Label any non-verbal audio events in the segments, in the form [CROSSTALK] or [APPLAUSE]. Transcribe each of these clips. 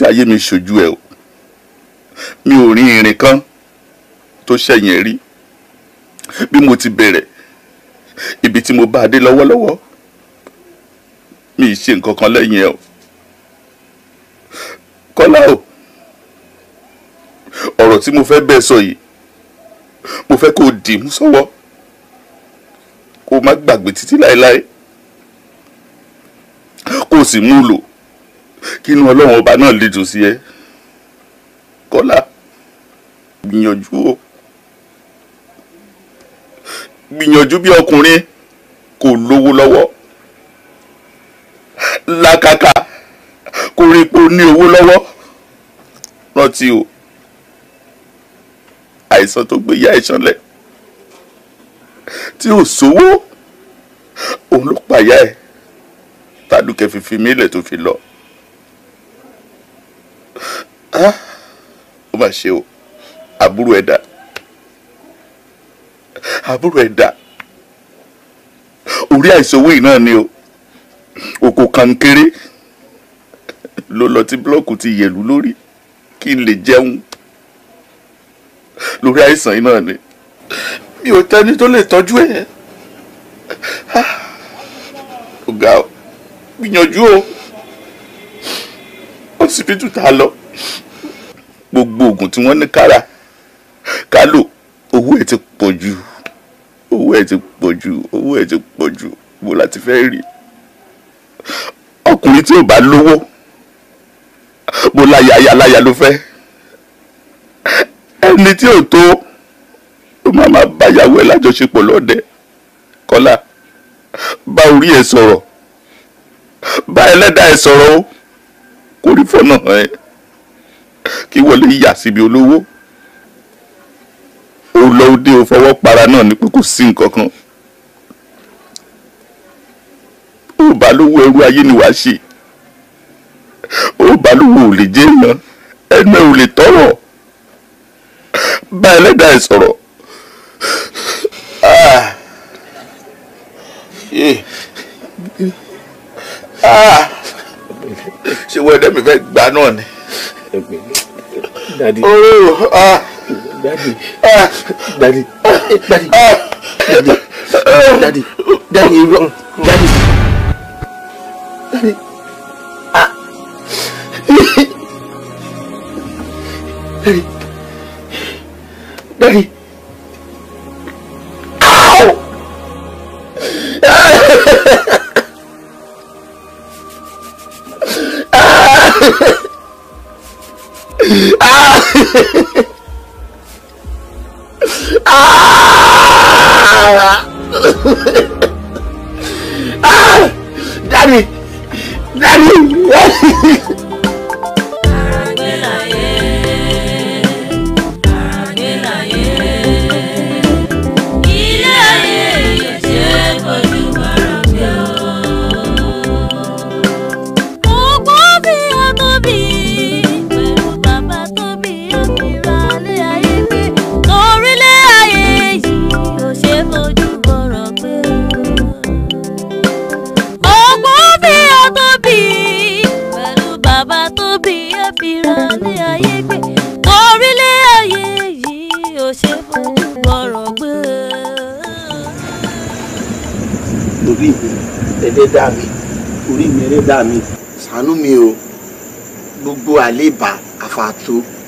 ìgbésí ayé mi ṣojú ẹ o mi ò rí irin kan tó ṣẹ̀yìn ẹ̀ rí bí mo ti bẹ̀rẹ̀ ibi tí mo bá a dé lọ́wọ́lọ́wọ́ mi ì ṣe nǹkan kan lẹ́yìn ẹ̀ o kọ́lá o ọ̀rọ̀ tí mo fẹ́ bẹ́ẹ̀ sọ yìí mo fẹ́ kó o dì mú sọ́wọ́ kó o má gbàgbé títí láéláé kó o sì mú lò kí inú ọlọ́run ọba náà lè tù sí ẹ kọ́lá gbìyànjú o gbìyànjú bí ọkùnrin kò lówó lọ́wọ́ làkàkà kò rí pé o ní owó lọ́wọ́ rántí o àìsàn tó gbé yá ìṣánlẹ̀ tí ò sówó òun ló pàyà ẹ̀ tádùkẹ́ fífi mílẹ̀ tó fi lọ ó mà ṣe o àbúrò ẹ̀dá àbúrò ẹ̀dá orí àìsówó yìí náà ni o òkò kankéré ló lọ tí búlọ́ọ̀kù ti yẹ̀lú lórí kí n lè jẹun lórí àìsàn yìí náà ni mi ò tẹni tó lè tọ́jú ẹ̀ ah. ọ̀gá gbìyànjú o ọsibítù tá a lọ gbogbo oògùn tí wọ́n ní kára ká lò owó ẹ̀ ti pọ̀ jù owó ẹ̀ ti pọ̀ jù owó ẹ̀ ti pọ̀ jù mo láti fẹ́ rí ọkùnrin tí ò bá lówó mo láya aya láya ló fẹ́ ẹni tí ò tó ó máa máa báyàwó ẹ̀ lájọṣepọ̀ lọ́dẹ kọ́lá bá orí ẹ̀ sọ̀rọ̀ bá ẹlẹ́dàá ẹ̀ sọ̀rọ̀ o kò rí fọ́nà hàn kí wọlé yà síbi olówó ó lọ dé o fọwọ́ para náà ní pé kò sí nǹkan kan ó bá lówó ẹrú ayé ni wàá ṣe ó bá lówó ò lè jẹ́ èèyàn ẹnu ẹ ò lè tọrọ bá ẹlẹ́dàá ẹ̀ sọ̀rọ̀. Ah. Ah. ṣé wọ́n ẹ̀dẹ́ fẹ́ gbà náà ni dadi ororo dadi dadi dadi daddy. dadi oh, uh, daddy. Uh, uh, you wrong Daddy. Daddy. ah Daddy. dadi.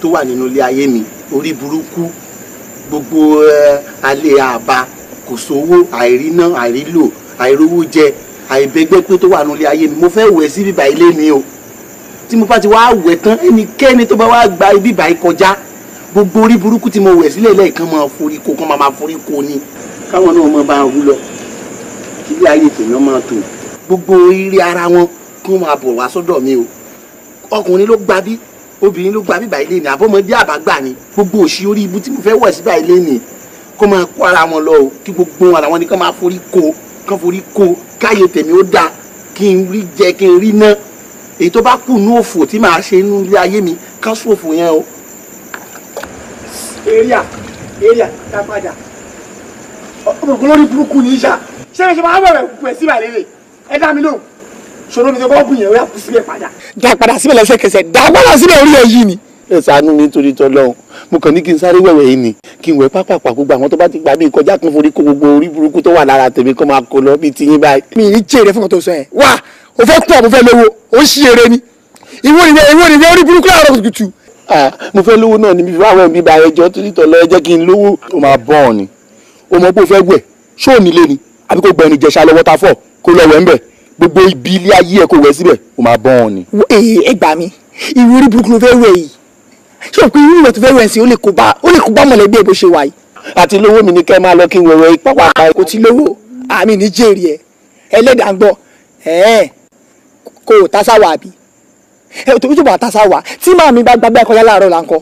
tó wà nínú ilé ayé mi orí burúkú gbogbo alẹ́ àbá kò sówó àìríná àìrílò àìrówó jẹ àìbẹgbẹ pé tó wà nínú ilé ayé mi mo fẹ́ wẹ̀ sí bíbá ilé mi o tí mo bá ti wá wẹ̀ tán ẹnikẹ́ni tó bá wá gba bíbá yìí kọjá gbogbo orí burúkú tí mo wẹ̀ sílẹ̀ lẹ́ẹ̀kan máa forí ko kan máa forí ko ni káwọn náà máa bá wú lọ kí ilé ayé tèmi máa tò gbogbo eré ara wọn kí wọ́n máa bọ̀ wá sọ́dọ̀ mi o ọkùnrin ló gba bí obìnrin ló gba bíbá ilé ni àbọ̀mọdé àbágbà ni gbogbo òṣì orí ibu tí mo fẹ́ wọ̀ síbà ilé ni kó máa kó ara wọn lọ o kí gbogbo ara wọn ni kó máa forí ko kó forí ko káyé tèmi ó dáa kí n rí jẹ kí n rí ná èyí tó bá kù nú òfò tí màá ṣe nú ilé ayé mi ká sòfò yẹn o. èrìà èrìà tá a padà ọmọkùnrin lórí burúkú ní í ṣé ẹ ṣe máa bẹ̀rẹ̀ pẹ̀ síbà lélẹ̀ ẹ dá mi lóhùn ṣòro mi tó bá bù yẹn ó yà kú síbẹ̀ padà. dá padà síbẹ̀ lẹ́sẹ̀kẹsẹ̀ dá padà síbẹ̀ orí ẹ̀ yìí ni. ẹ ṣàánú mi nítorí tọlọ́run mo kàn ní kí n sáré wẹ̀wẹ̀ yìí ni kí n wẹ̀ pápákọ̀ gbogbo àwọn tó bá ti gbà mí kọjá kan forí kó gbogbo orí burúkú tó wà lára tèmi kó máa kó lọ bíi tiyín báyìí. mi ní jèrè fún ọtọ sọ wá o fẹ́ pọ̀ mo fẹ́ lówó o ń ṣe eré ni ìwọ ni ìwọ ni orí burúkú láàárọ̀ kùtù. mo fẹ́ ba ẹjọ́ tó ní tọ̀lọ́ ẹ jẹ́ kí n lówó. o ni o mọ̀ pé o fẹ́ wẹ̀ ṣóò gbogbo ibi ilé ayé ẹ kò wẹ̀ síbẹ̀ o máa bọ́ wọn ni. Eh, eh, ẹ gbà mí ìwé orí burúkú ló fẹ́ wẹ̀ yìí ṣé o pé irú ìwẹ̀ tó fẹ́ wẹ̀ sí ó lè kó bá mọ̀lẹ́bí ẹ bó ṣe wà yìí. àti lówó mi ni kẹ́ máa lọ kí n wẹ̀wẹ̀ pápá. kò ti lówó àmì ní jèrè ẹ ẹlẹ́dàá ń gbọ́ ẹ̀ẹ́n kò tásáwà àbí ẹ tó tó bá tásáwà tí màmí bá gbàgbé ẹ̀kọ́ yálà àárọ̀ là ń kọ́.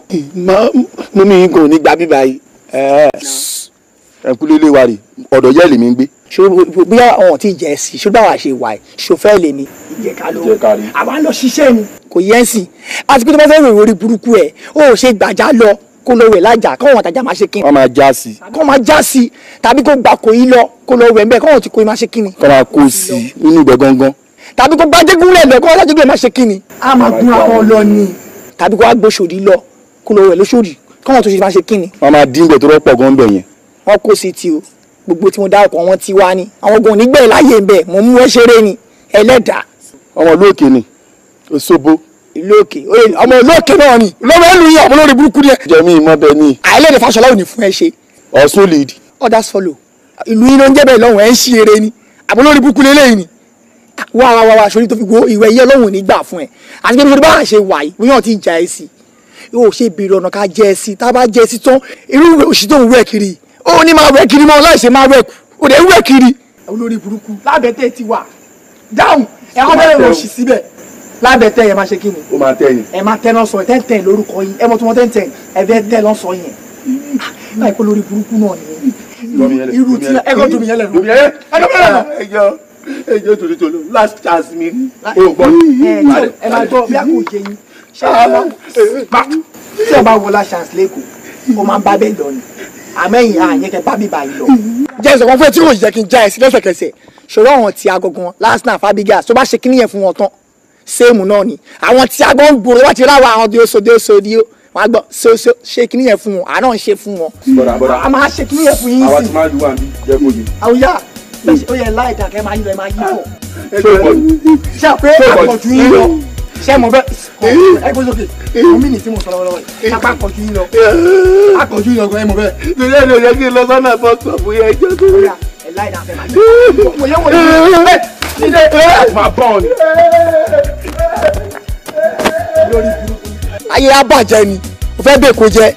mo mi gan ò ní gbà bíbá yìí ẹnkúlé lè wà rè ọ̀dọ̀ yẹ́ lèmi ń gbé. bóyá ọ̀hún ti jẹ́ sí i ṣùgbọ́n àwọn àṣewà ẹ̀ ṣòfẹ́ lè ní. ìjẹ̀ka ló àwa ń lọ ṣiṣẹ́ ni kò yẹ́ sí i àti pé tó bá fẹ́ rò orí burúkú ẹ̀ ó ṣe gbàjá lọ kó lọ wẹ̀ lájà kó wọn àtàjà máa ṣe kíni. kó máa já sí. kó máa já sí tàbí kó gba kò í lọ kó lọ wẹ̀ ń bẹ́ẹ̀ kó wọn ti kò í máa ṣe kíni. kó máa kó sí nínú ìgbẹ́ gángan. ni. tàbí kó wá gbóṣòdì lọ wọ́n kó sí ti o gbogbo tí mo dárúkọ wọn ti wá ni àwọn ogun onígbẹ̀ láyé ń bẹ̀ mo mú wọn ṣeré ni ẹlẹ́dàá. ọmọ olóòkè ni Òṣogbo. olóòkè ọmọ olóòkè náà ni lọ́wọ́ ẹ̀ lóyún ọmọ olórí burúkú díẹ̀. jẹ̀mí ìmọ̀ bẹ́ẹ̀ ni. àìlèdè Fáṣọlá ò ní fún ẹ ṣe. ọ̀sùn lead. others follow ìlú iná ń jẹ́bẹ̀ lọ́wọ́ ẹ̀ ń ṣí eré ni àbọ̀ olórí burúkú lélẹ́yìn ni wá wá wá wá sórí tó fi wo ìwẹ̀ yẹ lọ́wọ́ ní gbà fún ẹ àti pé bí wọ́n ṣe wà yìí wíwọ́n ti jà ẹ sí yóò ṣe bèrè ọ̀nà ká jẹ ẹ sí tá a bá jẹ ẹ sí tán irú òṣì tó ń kiri yìí ó ní máa wẹ̀ kiri mọ́ láìsè máa wẹ̀ kù ó dẹ̀ ń kiri. olórí burúkú lábẹ́tẹ̀ ti wà dáhùn ẹ̀ wọ́n bẹ̀rẹ̀ lọ sí síbẹ̀ lábẹ́tẹ̀ yẹn máa ṣe kí ni. ó máa tẹ̀yìn. ẹ máa tẹ́ lọ́sọ̀ tẹ́ ń tẹ̀yìn lórúkọ yín ẹ mọ tí wọ́n tẹ́ ń tẹ̀yìn ẹ fẹ́ tẹ́ lọ́sọ̀ yẹn. láì pé lórí burúkú náà ni irú tí ẹ kọ́ tóbi yẹn lẹ́nu. ẹ jọ ẹ last chance mi. ẹ máa gbọ́ bí a kò jẹ yín ṣé ẹ ah. bá wọlá chance lẹ́kọ̀ọ́ ó máa ń bá bẹ́ẹ̀ lọ ni àmẹ́yìn àyẹ̀ ah, kẹ bá mi báyìí lọ. Mm-hmm. jẹ́ ìsọ̀kan fún ẹ tí yóò yẹ kí n já ẹ sí lẹ́sẹ̀kẹsẹ̀ ṣòro àwọn ti agogun lasna fabigas tó bá ṣe kíní yẹn fún wọn tán séèmù náà ni àwọn tí agbọ́n ń gbòòrò wá ti ráwa àwọn dioso dioso dio wọn gbọ́ ṣoṣo ṣe kíní yẹn fún wọn àná ń ṣe fún wọn. bọ̀dà bọ̀dà a máa ṣe kíní yẹn fún yín sí. àwa ti máa dùn wá bí jẹ́ kó di. àwùjá ó yẹ láì dàkẹ́ máa yí lọ ẹ máa yí bọ̀. ṣe àpọ̀jù yín lọ ṣé mo bẹ ẹ gbé sókè mo mí nìtí mo sọ lọ́wọ́lọ́wọ́ yìí apá kọjú yín lọ akọjú yín ọgbọ́n ẹ mo bẹ. lórí ẹ̀rọ yẹ kí n lọ sọ́nà bọ́ọ̀sì ọ̀bù yẹn jẹ́ tó. ẹ láì dáa fẹ́ máa gbé wòye wòye nílé máa bọ̀ ọ́ ni. ayé abàjẹ́ ni mo fẹ́ bẹ́ẹ̀ kó jẹ́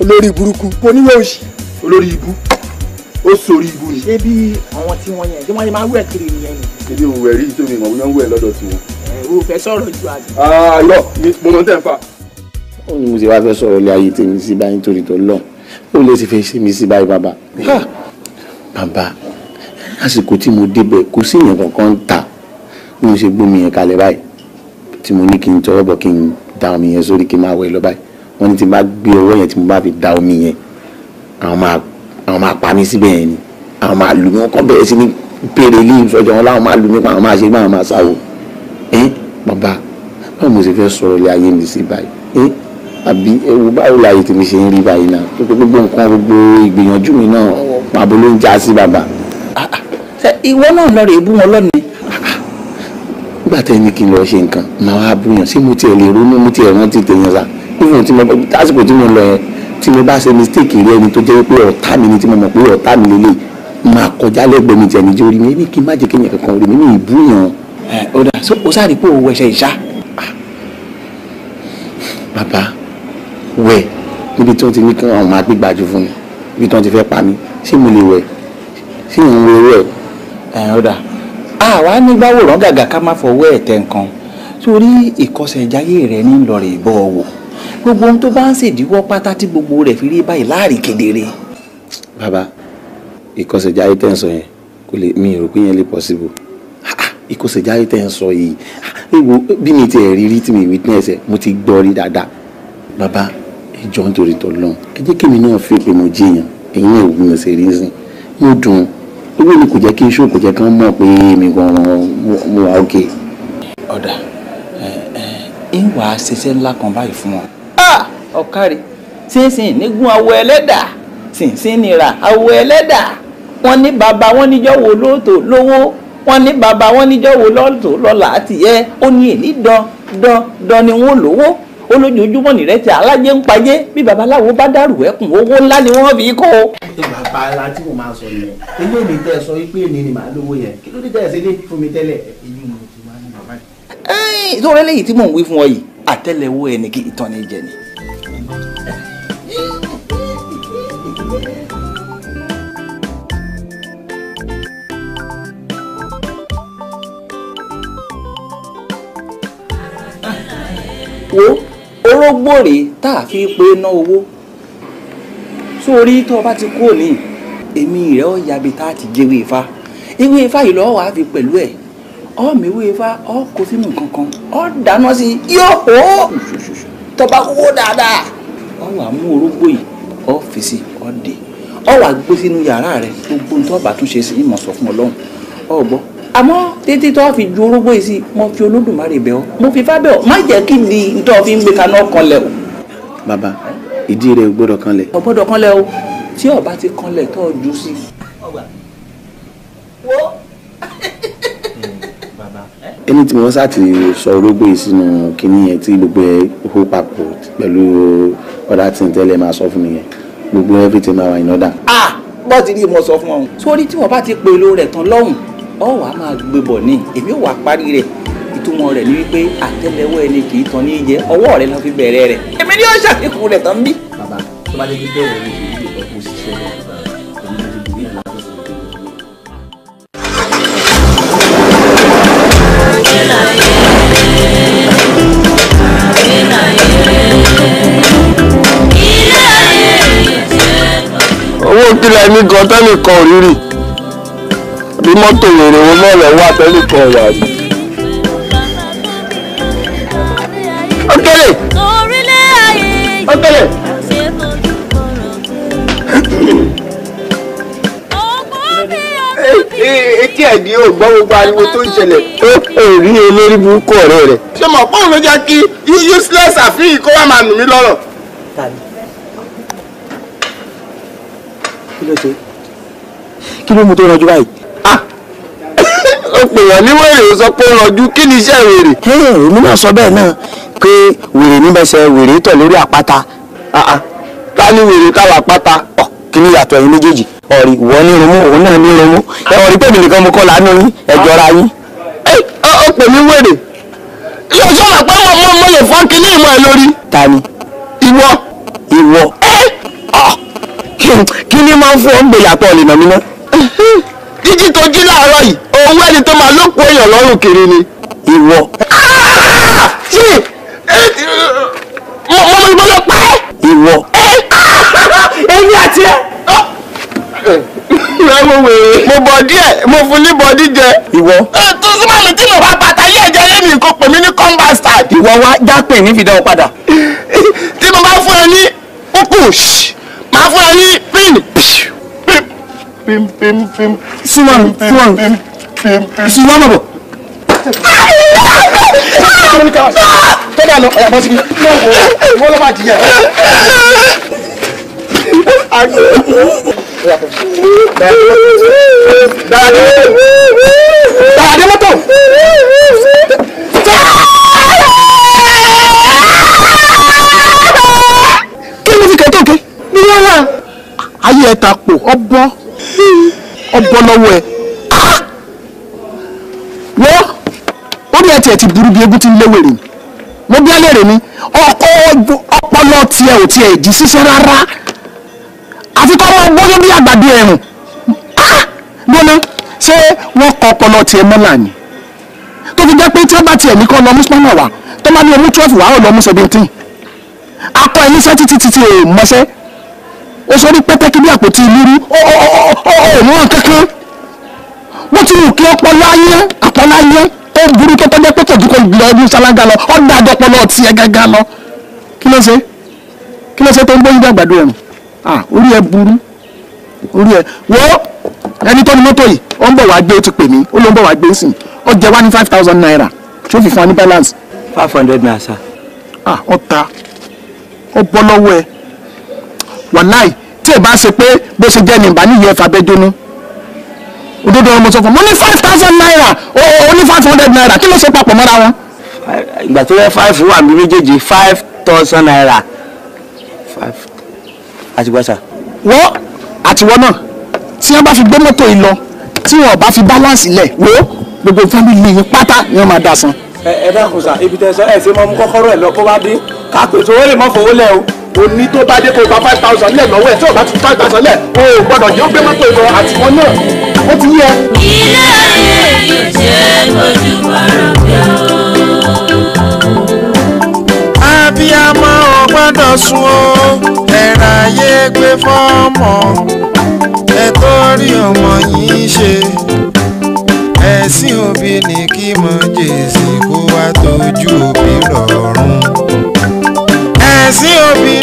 olórí burúkú oníwèé òsì olórí ibú ó sori ibú ni. ṣé bí àwọn tí wọ́n yẹn ṣé wọ́n yẹn máa ń wẹ̀ kiri nìyẹn ni. ṣé bí òun wẹ̀ rí ìtòmí ìmọ̀ òun náà ń wẹ̀ lọ́dọ̀ tiwọn o fẹ́ sọ̀rọ̀ ju àbí. àlọ ah, mo mọ tẹ́ ń fà. ó ní mo ti wá fẹ́ sọ̀rọ̀ ilé ayé tèmi sí báyìí nítorí tó lọ ó lè ti fẹ́ ṣe mí sí báyìí bàbá. bàbá àsìkò tí mo débẹ̀ kò sí èèyàn kankan ń ta bí mo ṣe gbómi yẹn kalẹ̀ báyìí tí mo ní kí n tọwọ́ bọ̀ kí n da omi yẹn sórí kí n máa wẹ̀ lọ báyìí wọ́n ní ti bá gbé ọwọ́ yẹn tí mo bá fi da omi yẹn àwọn máa pa mí síbẹ̀ yẹn ni àwọn máa lù mí wọ́n kọ́ bẹ̀rẹ̀ sí ní péré ilé ìfọjọ́ wọn láwọn máa lù mí pa àwọn máa ṣe bí àwọn máa sáwò baba, báwo mo ṣe fẹ́ sọ̀rọ̀ ilé ayé mi sí báyìí ẹ àbí ewu báwo láyé tèmi ṣe ń rí báyìí náà tó pé gbogbo nǹkan gbogbo ìgbìyànjú mi náà pàbó ló ń já sí bàbá. Ah, ah, ìwọ náà lọ rè é bú wọn lọ́nà ah, nígbà tẹ́ ní kí n lọ ṣe nǹkan màá wá búyàn sí mo tiẹ̀ lè ronú mo tiẹ̀ rántí tèèyàn sá ìwọ̀n tí mo tásìkò tí mo lọ yẹn tí mo bá ṣe mistake rí ẹni tó jẹ́ pé ọ̀tá mi ni tí mo mọ̀ pé ọ̀tá mi lélẹ̀ máa kọjá lẹ́gbẹ̀ẹ́ mi jẹ̀ níjẹ́ orí mi ní kí n má jẹ́ kéèyàn kankan orí mi ní ìbúyàn ọ̀dà ó sáré pé òun ẹ̀ṣẹ̀ ìṣá. Ah. bàbá wẹ̀ níbi tí wọ́n ti ní kí wọ́n máa gbígbàjú fún mi níbi tí wọ́n ti fẹ́ pa mí ṣé mo lè wẹ̀ ṣé ìyẹn wo ewé ẹ̀. ọ̀dà àwa nígbà wòrán gàgà ká má fọwọ́ ẹ̀ tẹ nǹkan torí ìkọsẹ̀ ìjáyé rẹ̀ ní lọ́ọ̀rẹ̀ ìbọ̀ wò gbogbo ohun tó bá ń ṣèdíwọ́ pátá tí gbogbo rẹ̀ fi rí báyìí láàrín kedere. bàbá ìkọsẹ̀ ìjáyé tẹ̀ ń sọ yẹn kò lè mi ò rò pé yẹn lè possible ìkọsẹ̀jáde tẹ̀ ń sọ yìí ah, ewo bí mi ti ẹ̀ rí rí tí mi witness ẹ̀ mo ti gbọ́ rí dáadáa bàbá ìjọ nítorí tó lọ́n ẹ jẹ́ kí mi náà fi pé mo jiyàn èyí náà wù mí ṣe rí sí mo dùn owó ni kò jẹ́ kí iṣu kò jẹ́ kí wọ́n mọ̀ pé mi gan-an mo wà ókè. ọ̀dà ẹ ẹ ń wàá ṣiṣẹ́ ńlá kan báyìí fún wọn. Ah, ọ̀kàrí sínsìn nígun awọ ẹlẹ́dà sínsìn nira awọ ẹlẹ́dà wọ́n ní bàbá wọn níjọ́ wo lóòótọ́ lówó wọ́n ní bàbá wọn níjọ́ wo lọ́dọ̀ lọ́la àti yẹ ó ní èní dán dán dán ni wọ́n lówó olójoojúmọ́ nìrẹsì alájẹ ń pajẹ bí babaláwo bá dàrú ẹkùn owó ńlá ni wọ́n fi kó. bàbá ara tí mo máa sọ yẹn ilé mi tẹ sọ pé èmi ni màá lówó yẹn kí ló dé tẹ ẹ ṣe dé fún mi tẹ́lẹ̀ èyí mo ti wá ní bàbá yìí. ìtòrẹ́lẹ̀ yìí tí mò ń wí fún ọ yìí àtẹ́lẹwọ́ ẹnì kí ìtàn ni jẹ ni. wo orógbó tá a fi pé ná owó sórí tó o bá ti kú òní èmi rẹ ọ yàgbé tá a ti jẹwé ifá ewé ifá yìí lọ́wọ́ wàá fi pẹ̀lú ẹ̀ ọ mèwé ifá ọ kò sínú kankan ọ dáná sí i yóò hó tọba kúkú dáadáa ọ wàá mú orógbó yìí ọ fi sí ọ dé ọ wàá gbé sínú yàrá rẹ gbogbo ntọ́ tún ṣe sí ìmọ̀ sọ fún ọlọ́run ọ gbọ́ àmọ́ títí tó fi ju orógbó yìí sí mo fi olódùmarè bẹ̀ ọ́ mo fi fá bẹ̀ ọ́ má jẹ́ kí ni tó fi ń gbé kaná kanlẹ̀ o. bàbá ìdí rẹ̀ ò gbọ́dọ̀ kanlẹ̀. ò gbọ́dọ̀ kanlẹ̀ o tí ọba ti kanlẹ̀ tó jù sí. [LAUGHS] ẹni tí wọ́n ṣáàtì sọ orógbó yìí sínú kinní yẹn tí gbogbo ẹ̀ hó papọ̀ pẹ̀lú ọ̀dà tí ń tẹ́lẹ̀ máa sọ fún mi yẹn gbogbo everything máa wà in order. ah bọ́ọ̀tì ni mo sọ fún ọ. sórí tí wọ́n bá ti pèlò rẹ̀ tán lọ́hùn-ún ọ wà á máa gbé bọ̀ ni èmi ò wà parí rẹ̀ ìtumọ̀ rẹ̀ ni wípé àtẹ́lẹwọ́ ẹni kì í tan ní jẹ ọwọ́ rẹ̀ la fi bẹ̀rẹ̀ rẹ̀ èmi ni ó ṣàkíkù rẹ̀ tán bí. bàbá tó bá dé bí bẹ́ẹ̀ ni èyí yóò lọ kó ṣiṣẹ́ náà. owó kílẹ̀ mi gan tẹ́lẹ̀ kan òrírì bí mọ́tò wèrè wọn náà lọ wá tẹ́lifọ̀n wà ní. ọ̀kẹ́lẹ̀ ọ̀kẹ́lẹ̀. etí ẹ̀ ní ògbọ́n gbogbo ariwo tó ń ṣẹlẹ̀. ó rí olórí burúkú ọ̀rẹ́ rẹ̀. ṣé mọ̀ pọ́n ló jẹ́ kí useless àfihàn kó wá máa nù mí lọ́rọ̀. kí ló ṣe kí ló mú tó rọjú báyìí pèèyàn ní wèrè ó sọ pé ó rọjú kí ni iṣẹ́ wèrè. èmi náà sọ bẹ́ẹ̀ náà pé wèrè ní bẹ́sẹ̀ wèrè tọ̀ lórí àpáta ta ni wèrè táwa àpáta kí ni yàtọ̀ ẹ̀yin méjèèjì ọ̀rì ìwọ ní irun mú òun náà ní irun mú ẹ ọ̀rì pèmí nìkan mo kọ́ lánàá yín ẹ jọra yín. ẹ eh, ọ pè mí wèrè yóò sọ̀rọ̀ pé mo mọ mo lè kínní ìmọ̀ ẹ lórí. ta ni. ìwọ. Eh! Ah! kí ni máa ń fún ọ ń gbèyàpọ̀ ọ̀lẹ̀ nàmínà jíjí tó jí láàárọ̀ yìí òun ẹni tó máa lóko èèyàn lọ́rùn kiri ni ìwọ. Ah! mo mo mo pa ẹ́. ìwọ. Ah! èmi àti ẹ. mo bọ̀ díẹ̀ mo fún ní bọ̀dí jẹ. ìwọ. tó súnmọ́ mi tí mo bá bàtà yé ẹ̀jẹ̀ lé mi kò pè mí ní combat ìwọ wa jápè ní fìdá o padà. tí mo bá fún ẹ ní push máa fún ẹ ní pin pim pim pim. Suman suman pim pim pim. Suman ma bọ̀. Tọ́jà lọ ọ̀yà bọ́sí mi. Wọ́n lọ́ máa jìyà. Dàdé Dàdé mọ́tò. Kí ló fi kẹ́tọ̀ ké? Ní yàrá. Ayé ẹ̀ ta pò, ọ bọ́ ọbọlọwọ ẹ wọ́n orí ẹ̀ tiẹ̀ ti burú bí egun ti ń léwèrè ni mo bí ẹlẹ́rìí ni ọpọlọ tiẹ̀ ò tiẹ̀ jí ṣiṣẹ́ rárá àfi kọ́ ọmọ bóyá bí àgbàdo ẹ̀rùn ah! gbóná ṣé wọ́n kọ́ ọpọlọ tiẹ̀ mọ́là ni tó fi jẹ́ pé tí wọ́n bá tiẹ̀ ní kọ́ lọ mùsùlùmí wà tó máa ní omi twelve wàá ò lọ mú seventeen akọ ẹ̀ níṣẹ́ títí títí ò mọ́ṣẹ́ ó sọ ní pẹ́tẹ́kì bí àpótí ìlúrú ọ̀ọ́mọ́ kankan wọ́n ti wù kí ọpọlọ ayé àpọlọ ayé tó burú tó tọ́jú pé tòjú kò lọ ọdún ṣáláńgá lọ ọ̀dà àjọpọlọ tiẹ̀ gángan lọ kí ló ṣe kí ló ṣe tó ń gbóyún dàgbàdo ẹ̀rù orí ẹ burú orí ẹ wọ́ ẹni tó ní mọ́tò yìí ó ń bọ̀ wá gbé ti pè mí ó ló ń bọ̀ wá gbé ń sìn ó jẹ wá ní five thousand naira tó fi fún wa ní balance. five hundred naira sir. ah ọ̀ta ọ bọ́ lọ́wọ́ ẹ wàláì tí ẹ bá ṣe pé bó ṣe jẹ́ nìbá nìyẹn fàbẹ́ jóná òdodo ọmọ sọ fún mo ní five thousand naira o ní five hundred naira kí ló ṣe papọ̀ mọ́ra wọn. ìgbà tó yẹ five wà mí méjèèjì five thousand naira five àtìwọ́ sà. wọ́n àtìwọ́ náà tí wọ́n bá fi gbé mọ́tò yìí lọ tí wọ́n bá fi balance lẹ̀ wo gbogbo family yìí pátá ni wọ́n máa dà san. ẹ ẹ dákun sá ibi tẹ sọ ẹ ṣe mọ mú kọ́kọ́rọ́ ẹ lọ kó bá dé ká pèsè owó mọ fowó lẹ o òní tó bá dé kó gba five thousand lẹ̀ lọ́wọ́ ẹ̀ tí ò bá ti five thousand lẹ̀ o ò gbọ́dọ̀ yóò gbé mọ́tò ìbọn àtìmọ́ náà ó ti yẹ. ilé ayé yìí ṣe ojú bàrà bí o. abiyamọ ò gbọ́dọ̀ sùn o ẹ̀rọ ayé gbé fọ́ọ̀mù ẹ tó ọmọ yìí ṣe ẹ̀sìn òbí ni kí mọ jèsì kó wá tójú òbí rọrùn ẹ̀sìn òbí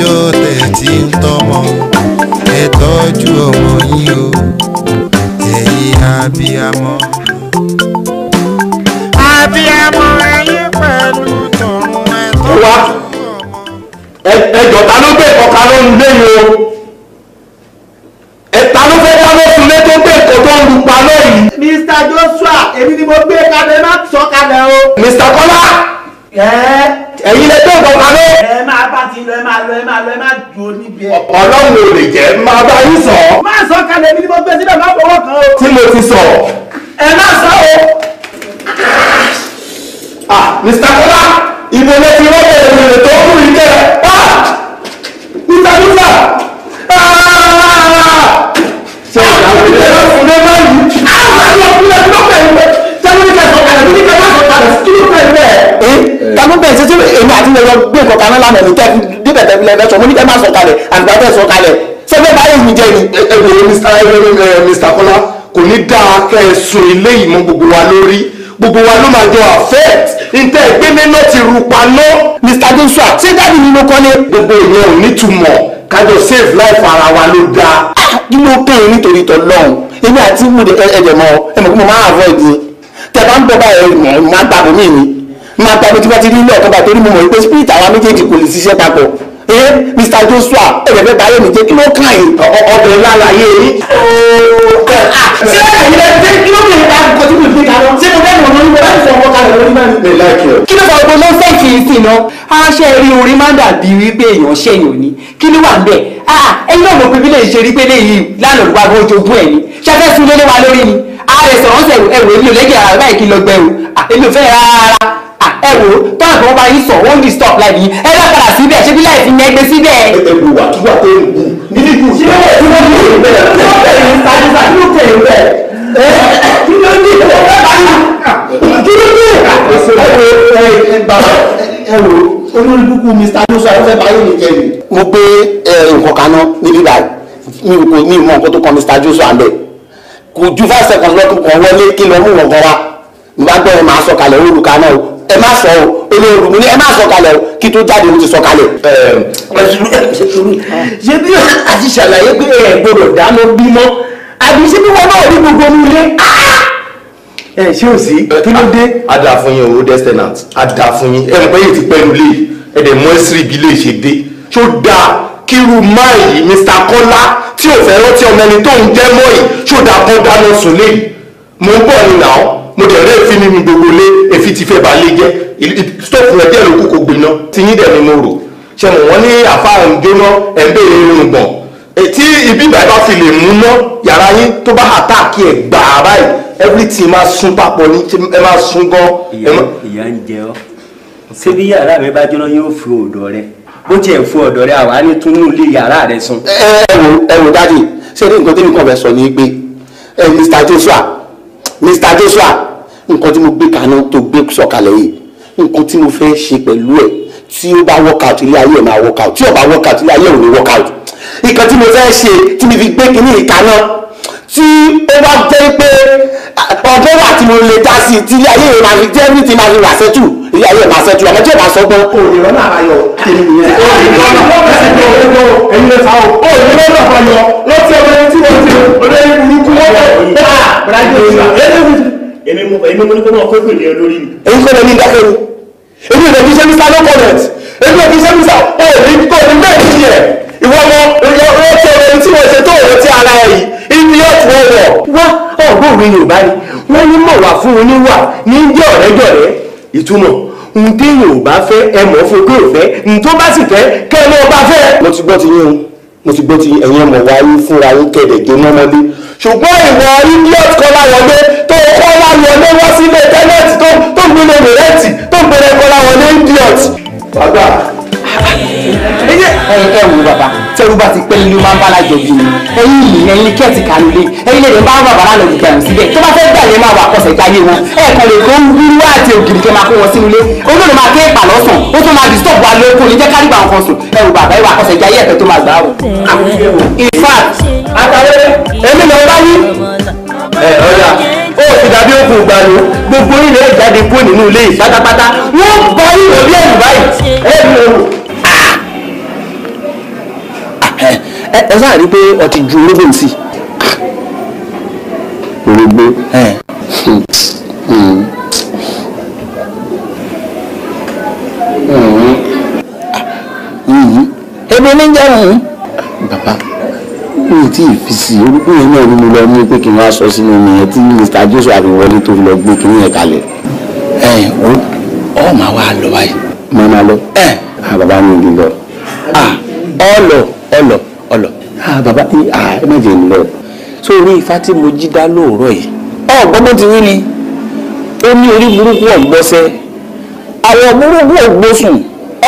ọjọ́ tẹ̀ tí ń tọ́mọ ẹ tọ́jú ọmọ yín o ẹ̀yin abiyamọ. abiyamọ ayé pẹ̀lú tọ̀run ẹ tọ́jú ọmọ. ẹ jọ̀ta ló gbé ìkọ̀ka lọ́nu lẹ́yìn o ẹ̀ta ló fẹ́ dáná sunlé tó gbé ìkọ̀ tó ń lupa lọ́yìn. ọlọ́run ò lè jẹ́ máa bá yín sọ. má sọ kalẹ̀ mi ni mo gbé sílẹ̀ má fọwọ́ kan tí mo ti sọ. ẹ má sọ o. ah Mr. Kola ibo ló fi rọ́pò ìrìnà tó kù yìí jẹ́ ah Mr. Musa ah ṣe ìdáhùn ìdáhùn fún ẹ báyìí. àwọn àti ọkùnrin ẹ̀ ló pẹ̀lú ṣé wọ́n ní kẹsàn-án bẹ́ẹ̀ bẹ́ẹ̀ ẹ́ tàbí bẹ́ẹ̀ ṣe tí èmi àti ìyẹn lọ gbé nǹkan kaná lánàá ní kẹ́ẹ̀fì débẹ̀ tẹ́fì lẹ́fẹ̀ sọ mo ní kẹ́ máa sọ kalẹ̀ àgbà tẹ́ sọ kalẹ̀ ṣé bẹ́ẹ̀ bá èmi jẹ́ ni. Eh, eh, eh, Mr. Kola kò ní dáa kẹ́ ẹ sùn ilé yìí mọ́ gbogbo wa lórí gbogbo wa ló máa jọ affect ntẹ ìgbélé náà ti rú paná. Mr. Joshua ṣé dáàbì mi ló kọ́lé. gbogbo ìyẹn ò nítumọ̀ kájọ save life ara wa ló dáa. Ah, kí ló kẹ́ ẹ nítorí tọ́lọ́run èmi àti ìmúdẹ ẹ̀jẹ̀ mọ́ ẹ mọ̀ pé mo máa avoid tẹ bá ń bọ̀ báyìí máa gba mí ni máa gba tí wọ́n ti rí lọ́ọ̀kan báyìí torí mo mọ̀ pé spirit àwa méjèèjì kò lè ṣiṣẹ́ papọ̀ ee Mr Joshua ẹ̀rẹ̀fẹ̀ báyé mi jẹ́ kí ló kàn yín ọ̀dọ̀ lálàyé yìí. ṣé ẹ̀yin lè dé kí ló bẹ̀rẹ̀ láti kọjú mi fi kaná ṣé mo bẹ́ẹ̀ mọ̀ lórí bẹ́ẹ̀ fọwọ́ kalẹ̀ lórí bẹ́ẹ̀. kí ló fọwọ́ pé lọ́sẹ̀kì ìsìn náà aṣẹ́ rí orin máa ń dàbí wípé èèyàn ṣẹ̀yàn ni kí ló wà ń bẹ̀ ẹ̀yin náà mọ̀ pé bí lè ṣe rí pé léyìí lánàá bẹ sọ̀rọ̀ sẹ̀rù ẹ̀wò èmi ò lẹ́gẹ̀ ara báyìí kí n lọ gbẹ o èmi ò fẹ́ rárá ẹ̀wò tọ́lá tí wọ́n bá yín sọ wọ́n ní stop láì ẹ bá padà síbẹ̀ ṣé bí láì fi yẹn gbé síbẹ̀. ẹ wò wá kíwà tó ń bù níbi kù síbẹ̀ tí wọ́n ní ìbẹ̀rẹ̀ tí wọ́n bẹ̀rẹ̀ ní sàdúrà ẹ wò Mr. lóṣù àlọ́fẹ́ báyìí nìkẹ́ ni. mo gbé nǹkan kaná níbí báyìí mi ò mọ nǹkan tó kọ Mr. Joshua bẹ́ẹ̀ kò ju five seconds lọ́kùn kan wọlé kí lọ mú wọ̀ngàn wa mo bá gbọ́ ẹ máa sọ kalẹ̀ olùkà náà o ẹ má sọ o olóòrù mo ní ẹ má sọ kalẹ̀ o kí tó jáde mo ti sọ kalẹ̀. ṣé bí a ti ṣàlàyé pé ẹ gbọ́dọ̀ dáná bímọ àbí ṣé bí wọn náà rí gbogbo mi lé ẹ ṣé ò sí kí ló dé. a dà fún yín o destinant a dà fún yín ẹ mọ̀ pé èyí ti pẹ́ nulẹ̀ ẹ̀ dẹ̀ mọ́ ẹ́sìrì bí lè ṣe dé ṣó dáa kírú máì Mr. Kọ́lá tí ò fẹ́ rántí ọmọ ẹni tó ń jẹ́ mọ́ yìí ṣòdà kan dáná sùn lé mo ń bọ̀ ni nà ọ́ mo dẹ̀ rẹ́ èéfín nínú gbogbo lé èéfín ti fẹ́ bá lé jẹ́ stóòfù rẹ̀ díẹ̀ ló kú kó gbiná ti yín dẹ̀ ni mo rò ṣe mọ̀ wọ́n ní àfa ń jóná ẹ̀ ń béèrè irun gbọ̀n tí ibi ìgbà bá fi lè mú ná yàrá yín tó bá àtàkì ẹ̀ gbà báyìí everything máa sún papọ̀ ní ẹ máa sún gan. ìyá ń jẹ ọ́ ṣé bí yàrá mi bá jóná yóò fi òòdọ̀ rẹ̀ bó tiẹ̀ fún ọ̀dọ̀ rẹ àwa ní tún yàrá rẹ sùn. ẹ ẹ wò ṣé ní nǹkan tẹ́mi kan fẹ́ sọ ni pé ẹ Mr Joshua Mr Joshua nǹkan tí mo gbé kaná tó gbé sọ̀kalẹ̀ yìí nǹkan tí mo fẹ́ ṣe pẹ̀lú ẹ̀ tí ó bá work out ilé ayé ẹ̀ máa work out tí ó bá work out ilé ayé ẹ̀ ò ní work out nǹkan tí mo fẹ́ ṣe tí mi fi gbé kinní ìkaná tí ó bá jẹ́ pé ọjọ́ wà tí mo lè dá sí ti ilé ayé yẹn máa fi jẹ́ ní ti máa fi rà sẹ́tù ilé ayé máa sẹ́tù àmọ́ tí ò bá sọ́gbọ́n. òyìnbó náà máa yọ èmi yẹn. òyìnbó náà ti di òyìnbó èyí lè fa o. òyìnbó náà máa yọ lọ́tí ọmọdé tí wọ́n ti olóyè burúkú wọ́n bẹ̀ èmi mo èmi mo ní kó máa kó pè ní olórí mi. èyí èmi ò lè fi sẹ́mísà no kò ní bẹ́ẹ̀ ní tiẹ̀ ìwọ ọmọ ọ̀rọ̀ ọ̀rọ̀ tí wọ́n ṣe tó ọ̀rọ̀ tí ara ẹ̀ yìí hot weather. wá ọ̀gbọ́n mi yorùbá ni wọ́n ní mọ̀ wá fún oníwà ní jẹ́ ọ̀rẹ́jọ̀rẹ́ ìtumọ̀ n tí yorùbá fẹ́ ẹ mọ̀ fún pé òfẹ́ n tó bá sì fẹ́ kẹ́ ẹ lọ́ọ́ bá fẹ́. mo ti gbọ́ ti yín o mo ti gbọ́ ti ẹ̀yin ọmọ wa yín fúnra yín kẹ̀dẹ̀ jó mọ́mọ́dé ṣùgbọ́n ìwọ idiot kọlá wọlé tó kọ́lá wọlé wá sílé tẹ́lẹ̀tì tó tó gbélé bàbá ẹyẹ ẹ wò bàbá tẹrù bá ti pẹ́ ní ló máa ń bá lájọ bí mi ẹ̀yin yìí ẹ̀yin kẹ́ẹ̀tì kànú lé ẹ̀yin lè ní bá bàbá lálọ́ gbígbà yìí síbẹ̀ tó bá fẹ́ gbà yẹn máa wà kọsẹ̀ gbáyé wọn ẹ̀ẹ̀kan lè kó wíwá àti ògiri kẹ́ máa kó wọn sínú ilé olóòrùn máa ké pà lọ́sàn ó tún máa disturb wa lóko ní jẹ́ kárígbà nǹkan sùn ẹ wò bàbá ìwà kọsẹ̀ gbáyé ẹ̀fẹ̀ tó máa ó sì dàbí òkú ìgbàlú gbogbo ilé ìjáde kúrò nínú ilé yìí pátápátá wọ́n bọ ìwò bí ẹ̀rù báyìí ẹ̀rù òru. Ah. Eh, ẹ sáà rí i pé ọ ti ju orógbó sí i. orógbó ebi eh. mm-hmm. ah. mm-hmm. oníjàrún. bàbá mi ò tí ì fi sí i orúkọ yẹn náà ni mo lọ ní pé kí n wá sọ sínú mi yẹn tí Mr. Joshua fi wọlé tó lọ gbé kí n yẹn kalẹ̀. ẹ o ọ máa wá lọ báyìí. mo máa lọ ẹ à ah, bàbá mi ò lọ à ah, ọlọ ọlọ ọlọ à ah, bàbá mi à ẹ má jẹ́ ń lọ. sórí ifá tí mo jí dá lóòrọ̀ yìí ọ̀gbọ́n bó ti wí ni ó ní orí burúkú ọ̀gbọ́sẹ́ àwọn burúkú ọ̀gbọ́sùn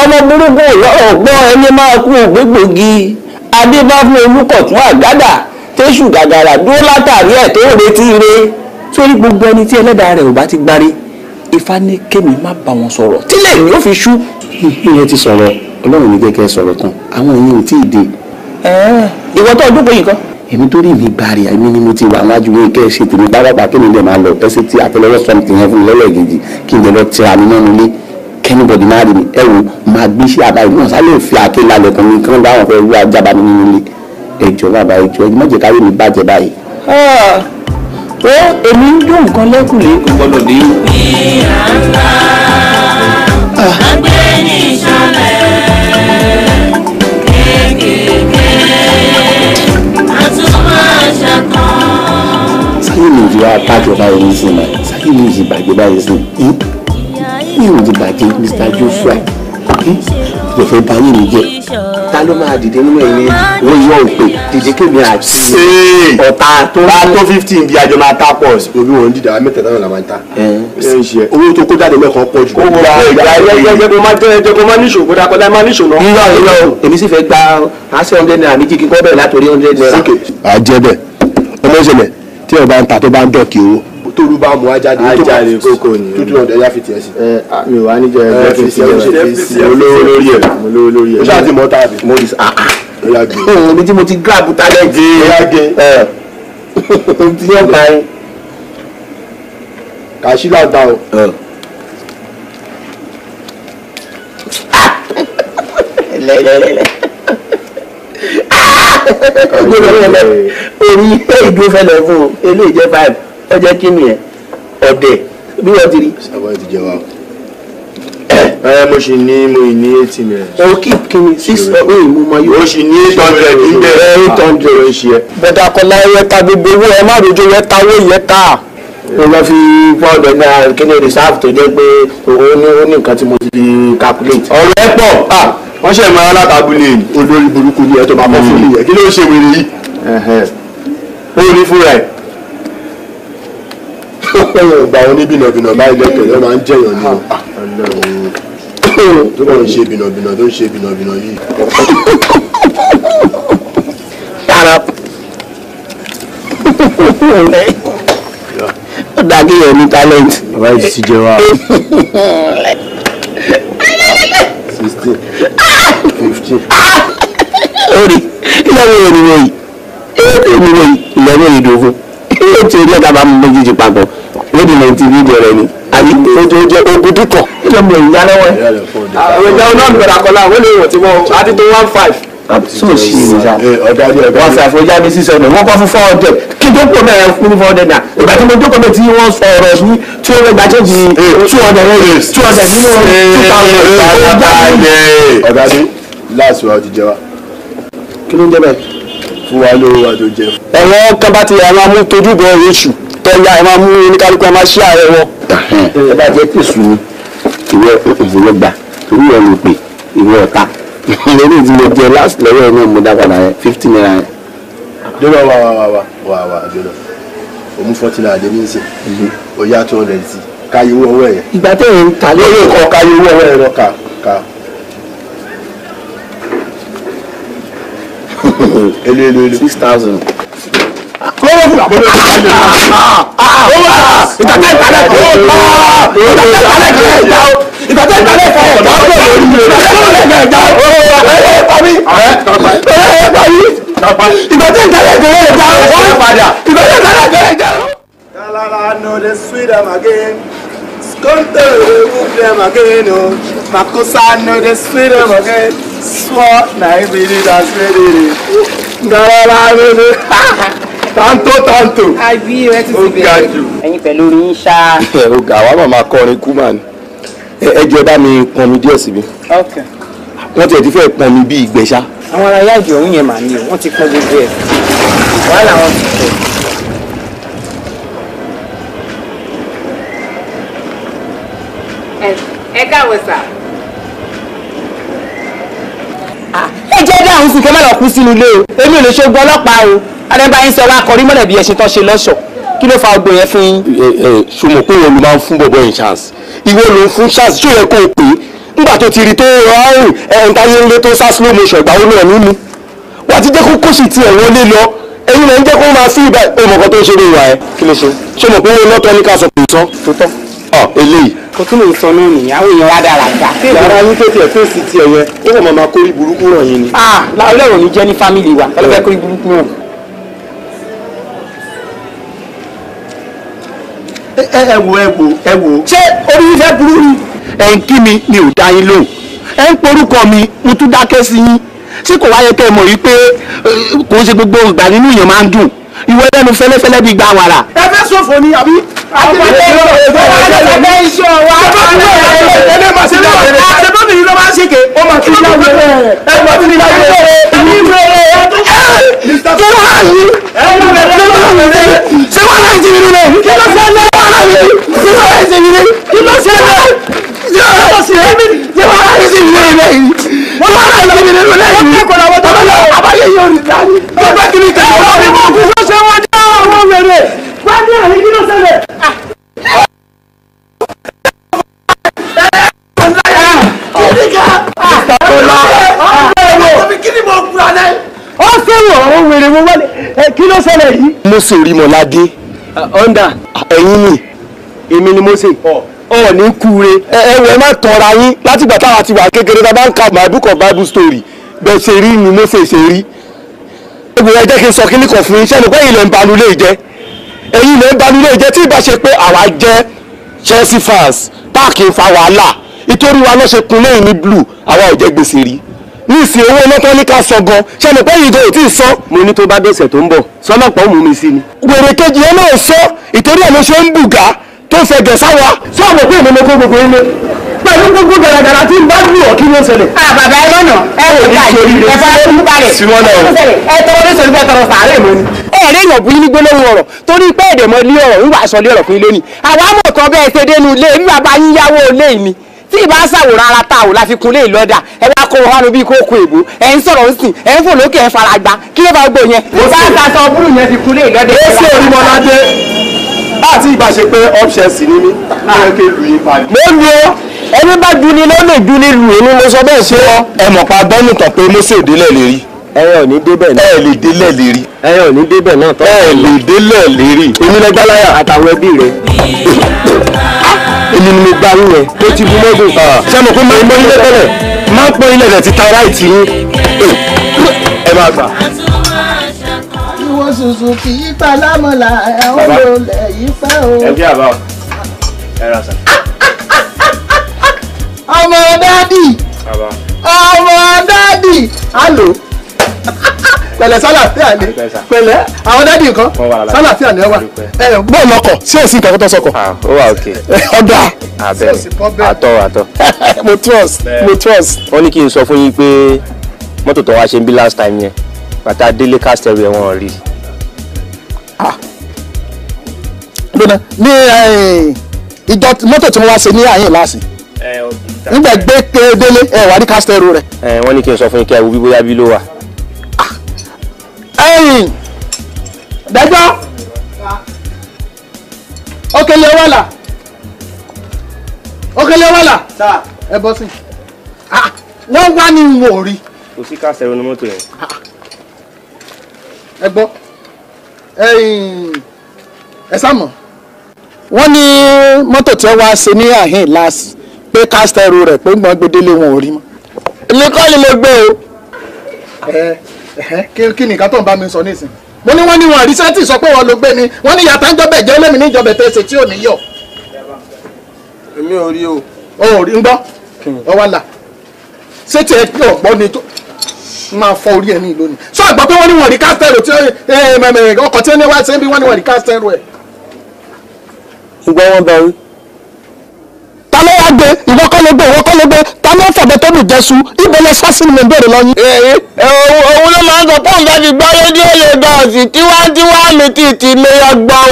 ọmọ burúkú ọ̀gbọ́n ẹni máa kú ògbégbògi adébáfún olùkọ̀tún àgádà tẹ́sù gàgàrà dúró látàrí ẹ̀ tó retí re sórí gbogbo ẹni tí ẹlẹ́dàá rẹ̀ ò bá ti gbáre ifá ní kémi má bá wọn sọ̀rọ̀ tílẹ̀ ni ó fi ṣú. ìyẹn ti sọ̀rọ̀ ọlọ́run ní gẹ́gẹ́ sọ̀rọ̀ tán àwọn èèyàn ò tí ì dé. ìwọ tó dúpọ̀ yìí kan. èmi tó rí mi gbáre àmì ni mo ti wà lájú wí kẹ́ ẹ ṣe tèmi pápápá kí mi dẹ̀ máa lọ ẹ ṣe ti àtẹlẹwọ́ sọ̀rọ̀ tìyẹn fún mi lọ́lọ́ anybody má rí mi ẹ wò máa gbé iṣẹ́ àbáyé náà sálẹ̀ fi àáké lálẹ́ kan mi kán dáhùn fẹ́ wú ajá bá nínú ilé ẹjọ́ bàbá ẹjọ́ ẹ má jẹ́ káyé mi bàjẹ́ báyìí. ó èmi ń dún nǹkan lẹ́kùn lé kò gbọ́dọ̀ dé. ìyá ńlá àgbẹ̀ ní ìṣàlẹ̀ kéékèèké àtúmọ̀ àṣà sáyé mi ìjìyà tájọba ẹni sí ma sáyé mi ìjìbàjẹ́ báyìí sí mi ò lè bàjẹ́ Mr. Joshua mo fẹ́ bá yín mi jẹ́ ta ló máa dìde nínú ẹ̀yin wọ́n yọ òpè dìde kémi àti ọ̀tá tó bá tó fifteen bí ajọ́ máa ta pọ̀ sí. omi wọn dídà mẹ́tẹ̀ẹ̀ta náà la máa ń ta. owó tó kó jáde lẹ́kọ̀ọ́ pọ̀ jù. owó ìgbà ẹgbẹ́ kó máa jẹ́ kó máa níṣòwò kó dákọ́lá máa níṣòwò náà. nígbà yìí lọ èmi sì fẹ́ gba aṣọ hundred naira méjì kíkọ́ bẹ̀rẹ̀ látòrí hundred naira. àjẹbẹ ọmọ ìṣẹ̀lẹ̀ tí ọba ń ta tó bá ń dọ̀kì owó tóru bá mu ajáde ajáde kókó ni tútù ọ̀dọ̀ ẹ̀yà fìtì ẹ̀ sí. ẹ mi ò wá níjẹ ẹ fi sí ẹ fi sí mo lówó lórí ẹ mo lówó lórí ẹ. o ṣáà ti mọ táàbì. mo ti ah ah ní tí mo ti grab talẹ́ǹtì. ọ̀yà gé ẹ̀ ti yẹ ká yín. kàṣílà ta o. lẹ́lẹ́lẹ́lẹ́ orí ìdúró fẹlẹ̀ fún eléyìí jẹ́ five ó jẹ́ kí nìyẹn ọ̀dẹ̀ bí wọ́n ti rí. sábà ti jẹ wa báyọ̀ mo ṣì ní mo ní eighteen minutes. o kí kini six ọ̀hún mo máa yọ. o ṣì ní eight hundred níbẹ̀ eight hundred o ṣe. bọ̀dà kọ́lá yẹta gbogbo owó ẹ má rojo yẹta owó yẹta. mo lọ fi fọ́ọ̀dọ̀ náà kíni reserve tó jẹ́ pé òun ní òun ní nǹkan tí mo ti fi calculate. ọ̀rọ̀ ẹ pọ̀ wọ́n ṣe ìmọ̀ràn látàbúlé olórí burúkú ni ẹ tó bá fọ́ fún mi yẹ kí ló ń ṣe wèrè yìí. ó ní fúnra ẹ̀ ìgbà wọn ní bìnàbìnà báyìí lẹ́kẹ̀ẹ́ máa ń jẹ̀yàn ní wọn tó kàn ń ṣe bìnàbìnà tó ń ṣe bìnàbìnà yìí. tara ó dáa yẹn ní talent. bàbá yìí ti jẹ wá. sixteen fifteen. orí ilé mi ò ní wọ̀nyí ilé mi ò ní wọ̀nyí ilé mi ò ní dùn fún ilé tí o ní ọ̀gá bá mú méjì papọ̀ méjì lè ti fídíò rẹ ni àbí ojú ojú ogun kíkọ ilé ọmọ èyí yálẹwọ ìjà ọ̀nà ìbẹ̀rẹ̀ àkọlá àwọn olè wọ̀ tí wọ́n á ti tó one five. Ah, so ṣì ń sa wọn ṣàfihàn ojú àbí sísọ ọ̀nà wọn kọ́ fún four hundred kí n tó pọ̀ náà fún four hundred náà ìgbà tí mo jókòó mi tí wọ́n sọ ọ̀rọ̀ sí tí wọ́n gba change eh, eh, two hundred eh, two hundred nínú two thousand. ọ̀gá mi láàṣù wa ti jẹ wa. kí ló ń jẹ bẹ́ẹ̀. fún wa lówó wa tó jẹ. ẹ̀rọ kan bá ti àwọn amútojú bẹ̀rẹ̀ oṣù tọ́jà ẹ máa mú oníkálukú ẹ máa ṣí ààrẹ wọ. ẹ bá jẹ pèsè ni ìwọ ìwọ gbà torí ẹ lè pè ìwọ ọ̀tá [LAUGHS] lórí ìdí jẹ last lọ́wọ́ ẹ náà mo dá padà yẹn fifty naira yẹn. dọ́là wa wa wa wa wa wa dọ́là òun fọ́tí náà ní ìsìn òyà mhm. two hundred sí káyé owó ọwọ́ ẹ̀. ìgbà tẹ̀ ń ta lórí ẹ̀kọ́ káyé owó ọwọ́ ẹ̀ lọ ká ká. elu [LAUGHS] elu elu. six thousand fúlọ́wọ́ fúlọ́ àbọ̀dọ̀ ìtàkẹ́ ìtàkẹ́ ìtàkẹ́ ìtàkẹ́ ìtàkẹ́ ìtàtẹ́ ìtàlẹ̀ fún ẹ̀ dáwọ́ lórí no dey sweet am again, skonto dey whoop dem again o, makosa no dey sweet am again, swore na im be the last lady. Talala no dey tanto tanto. àbí ẹ ti ti bẹ̀rẹ̀ ẹ̀yin pẹ̀lú orin ṣá. ó ga àwa máa máa kọrin kú mà ní ẹjọ ẹ bá mi pọn mi díẹ̀ síbi. wọ́n tiẹ̀ ti fẹ́ pọn mi bí ìgbẹ́sá. àwọn ará yájọ òun yẹn mà ní o wọ́n ti pọn gbogbo ẹ̀ wàhálà wọn ti tẹ̀. ẹ káwọ sà. Ah, ẹ jẹ́ dáhùn sí kẹ́ má lọ kú sínú ilé o èmi ò lè ṣe gbọ́ ọlọ́pàá o àdẹ́bà yín sọ wá akọrí mọ́lẹ̀ bí ẹṣin tó ṣe lọ́ṣọ̀ kí ló fa ọgbọ yẹn fún yín. ẹ ẹ sọmọ pé ìwọ ló máa ń fún bọbọ yẹn chance ìwọ ló ń fún chance ṣó yẹ kó o pè é nígbà tó ti rí tó rọrùn ẹ ẹ ntáyé ńlẹ tó sá slow motion ìgbà wo náà nínú wà á ti jẹ́ kó kóṣì tiẹ̀ wọlé lọ ẹ̀yin náà ń jẹ́ kó máa sí ibà ọmọkàn tó ń ṣe ní ìwà ẹ kí ló ṣe sọmọ pé ìwọ lọ́tọ̀ ní ká sọ pé tán tó tán ọ eléyìí. kò ni. ah làwọn ẹlẹ́wọ̀n ní jẹ́ ẹ wo ẹ wo ẹ wo. ṣé orí yín fẹ́ burú ni. ẹ ń kí mi mi ò dá yín lóhùn ẹ ń porúkọ mi mo tún dákẹ́ sí yín ṣé kò wáyé kẹ́ ẹ mọ̀ yìí pé eh, kò ń ṣe gbogbo ìgbà nínú èèyàn máa ń dùn ìwọ lẹ́nu fẹ́lẹ́fẹ́lẹ́ bíi gba wàrà. ẹ fẹ́ ṣòfò ni àbí. àwọn ọmọdé ọmọdé iṣẹ́ wa. ẹ bá mi lọ ẹ ẹ ẹ máa ṣe lọ ẹ bá mi lọ máa ṣe ké. ó máa tún yàwó ẹ ẹ máa tún yàwó ẹ ẹ ní ìbéèrè ẹ tó wà yìí. ẹ ní ìbéèrè ẹ tó wà yìí. ṣé wàá láì ti rí rẹ. kí ló fẹ́ lẹ́ ara mi tí wọ́n rẹ̀ ṣe nílé kí ló ṣe lẹ́ tí wọ́n rẹ̀ ṣe nílé tí wọ́n rẹ̀ ṣe nílé lẹ́yìn wọ́n bá rẹ̀ ṣe nílé lẹ́yìn wọ́n kẹ́kọ̀ọ́ làwọn tó bá lọ abáyé yóò rí dání. ọgbẹ́ kìíní kan wọ́n rí mọ́ kó sọ́sẹ́ wọn dá ọmọ rẹ̀ wọ́n ní àlè kí ló ṣẹlẹ̀. ó ṣèwọ̀ ọ̀hún wèrè wọ́n wọlé kí ló ṣẹlẹ̀ yìí. mo sì rí mọ́ládé ọ̀ndà uh, ẹ̀yin ni èmi ni mo ṣe ọ̀ ní kúure ẹ wọ ẹ má tọra yín látìgbà táwa ti wà kékeré tá a bá ń ka my book of bible story bẹ́ẹ̀ ṣe rí ni mo ṣe ṣe rí ẹgbẹ́ ẹ jẹ́ kí n sọ kíní kan fún yín sẹ́nu pé ilẹ̀ ń balu lè jẹ́ ẹ̀yin ilẹ̀ ń balu lè jẹ́ tí ìbá ṣe pé àwa jẹ́ Chelsea fans páàkì ń fa wàhálà ìtorí wa lọ́ ṣe kun lẹ́yìn ní blue àwa ò jẹ́ gbèsè rí ní ìsìn owó mọ́tọ́ ní ká sọ gan ṣẹlẹ pé ìgò ò tí ì sọ. mo ní tó bá dọ̀sẹ̀ tó ń bọ̀ sọlọ́pàá ò mú mi sí ni. wèrè kejì yẹn náà sọ ìtorí ẹ̀ ló ṣe ń bùgà tó fẹ́ gẹ̀ẹ́sà wa. sọ àwọn òkú ìmọ̀mọ́ kó gbogbo ilé pẹ̀lú gbogbo gàràgàrà tí ń bá dùn ọ̀ kí ló ń ṣẹlẹ̀. a ah, bàbá ẹ lọ́nà ẹ wò èèyàn bu yín gbólóhùn ọ̀rọ̀ torí pé èdè mọ ilé ọ̀rọ̀ ń wàásọ ilé ọ̀rọ̀ fún ilé ni àwa mọ̀ kan bẹ́ẹ̀ ṣe dénú ilé bí bàbá yín yáwó ilé ni tí ìbá ṣàwòrán ara ta ò la fi kun ẹ bá kó wọn bíi kó kó èbó ẹ ń sọ̀rọ̀ ń sìn ẹ ń fò lókè ẹ fara gba kí ló bá gbó yẹn. mo bá ta sọ búrú yẹn fi kun lé ìlọ́dà. ẹ ṣe orí mọ́ládé láti ìbá ṣe pé ni mí láyé ké lu yín padì. mo ní o ẹni bá ju ni lọ́nà ju ni lù mo sọ bẹ́ẹ̀ ṣe ọ. ẹ mọ̀ pa bọ́ọ̀nù pé mọ́sẹ̀ òdélẹ̀ lè rí. ẹ ní débẹ̀ náà. ẹ lè délẹ̀ lè rí. ní débẹ̀ náà tán. ẹ lè délẹ̀ lè èmi lọ gbáláyà. àtàwọn ẹbí rẹ èmi ni mo gba yín yẹn tó ti fún mọ́gùn ah. ṣé mo pé máa ń pọ́n tẹ́lẹ̀ máa ń pọ́n ilé ti ta ráìtì yín eh, ẹ máa gbà. ọmọ dádì ọmọ dádì. alo pẹ̀lẹ́ sálàfíà ni pẹ̀lẹ́ àwọn dádì nǹkan sálàfíà ni ẹ wà. ẹ bọ́ọ̀ lọkọ̀ sí òsì nǹkan tó sọkọ̀. Ah, ó wà òkè. [LAUGHS] ọ̀dà àtọ̀ àtọ̀. [LAUGHS] mo trust mo trust. wọ́n ní kí n sọ fún yín pé mọ́tò tó wá ṣe ń bí last time yẹn bàtà délé castaway wọn rí. lónà ah. ní eh, ìjọ mọ́tò tí wọ́n wá ṣe ní àyìn láàsì eh, nígbà gbé eh, délé ẹ̀ wà ní castaway rẹ̀. wọ́n ní kí n sọ fún yín kí ẹ wo bí bóyá bí ló wà. ẹ̀yìn dẹ́gbọ́ Okele Owala Okele Owala ẹ bọ́ sí ah! wọ́n wá ní ìwọ̀n orí. kò sí káàsì ẹ̀rọ ní yẹn. Ah! ẹ gbọ́ ẹ sáàmọ̀ wọ́n ní mọ́tò tí wọ́n wá ṣe ní àhín láàsì pé káàsì ẹ̀rọ rẹ̀ pé gbọ́n gbẹdẹ́lẹ̀ wọn ò rí mọ́. èmi kọ́ ni mo gbé o. kí ni nǹkan tó ń bá mi sọ nísìn mo ní wọ́n ní wọn àrísẹ́ tí sọ pé wọ́n ló gbé ni wọ́n ní yàtá ń jọ́bẹ̀ jẹ́ lẹ́mìí ní ìjọba tẹ̀sẹ̀ tí ò ní yọ. èmi ò rí o. o ò rí ń gbọ́ ọ wá là ṣé tiẹ̀ pé ọ̀gbọ́ ni tó máa fọ orí ẹni lónìí sọ àgbà pé wọ́n ní wọn rí kásítẹ́rù tí ọkọ̀ tí ó ní wá ṣe ń bí wọ́n ní wọn rí kásítẹ́rù ẹ̀. ìgbà wọn bá wí ló wá gbé ìwọ kọ́ ló gbé ìwọ kọ́ ló gbé ta ló fọ̀bẹ tó lù jẹ́sù ibẹ̀ lẹ sásì ni mo béèrè lọ yín. òun ló máa ń sọ fún ìfẹ́ ti gbọ́ lójú èlé bọ́ọ̀sì tiwantiwa mi ti ti mẹ́yọ gbọ́n.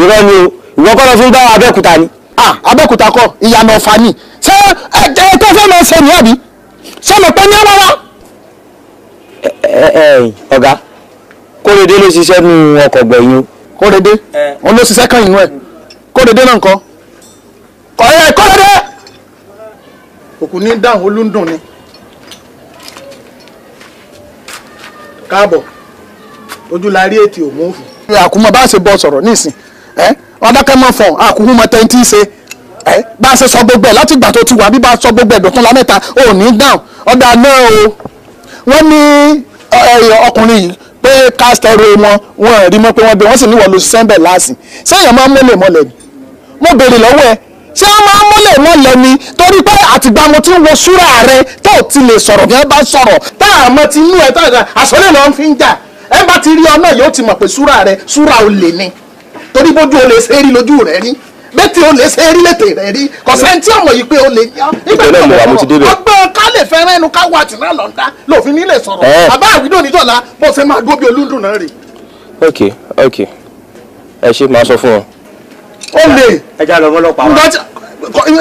irọ́ ni o ìwọ kọ́ lọ fún báwa abẹ́òkúta ni. abẹ́òkúta kọ ìyànà ọ̀fà ni ṣé ẹ tó fẹ́ máa ṣe nìyà bí ṣé mo pẹ́ ní rárá. ọ̀gá kórede ló ṣiṣẹ́ nù ọkọ̀ gbẹ̀yìn o. kórede òun ló ṣiṣẹ́ kan ìnú ẹ̀ kórede náà nǹkan ọ̀rẹ́ kọ́lẹ́dẹ́ òkú ní dáhùn olúndùn ni káàbọ̀ ojú la rí ètì òmùfù. àkùmọ̀ bá ṣe bọ́ sọ̀rọ̀ nísìn ọ̀dọ́kẹ́ mọ̀ fọ̀n àkùmọ̀ mọ̀ tẹ́ntì ṣe bá a ṣe sọ gbogbo ẹ̀ láti ìgbà tó ti wà bí bá a sọ gbogbo ẹ̀ dọ̀tún lámẹ́ta ò ní dáhùn ọ̀dà náà o wọ́n ní ọkùnrin yìí pé kásítẹ́rù wọn wọn rí mọ́ pé wọ́n bẹ wọ́n sì níwọ̀ lóṣù sẹ́ńbẹ̀ láàsì sẹ́yìn máa ń mọ́lẹ̀ mọ́lẹ̀ mo béèrè lọ́wọ́ ẹ ṣé wọ́n máa ń múlẹ̀ náà lẹ́ni torí pé àtìgbà mo ti ń wo súra rẹ tó ti lè sọ̀rọ̀ bí bá sọ̀rọ̀ tá a mọ̀ ti inú ẹ̀ tó àṣọlẹ̀ náà ń fi ń jà ẹ bá ti rí ọ náà yóò ti mọ̀ pé súra rẹ súra olè ni torí bójú olè ṣe é rí lójú rẹ rí bẹ́tì olè ṣe é rí létè rẹ rí kò sẹ́ni tí ọmọ yìí pé olè ní ọ́ nígbà tí ọmọ ọgbọ́n ká lè fẹ́ràn ẹnu ká wà ó lè. ẹ já lọ mọ́lọ́pàá wa.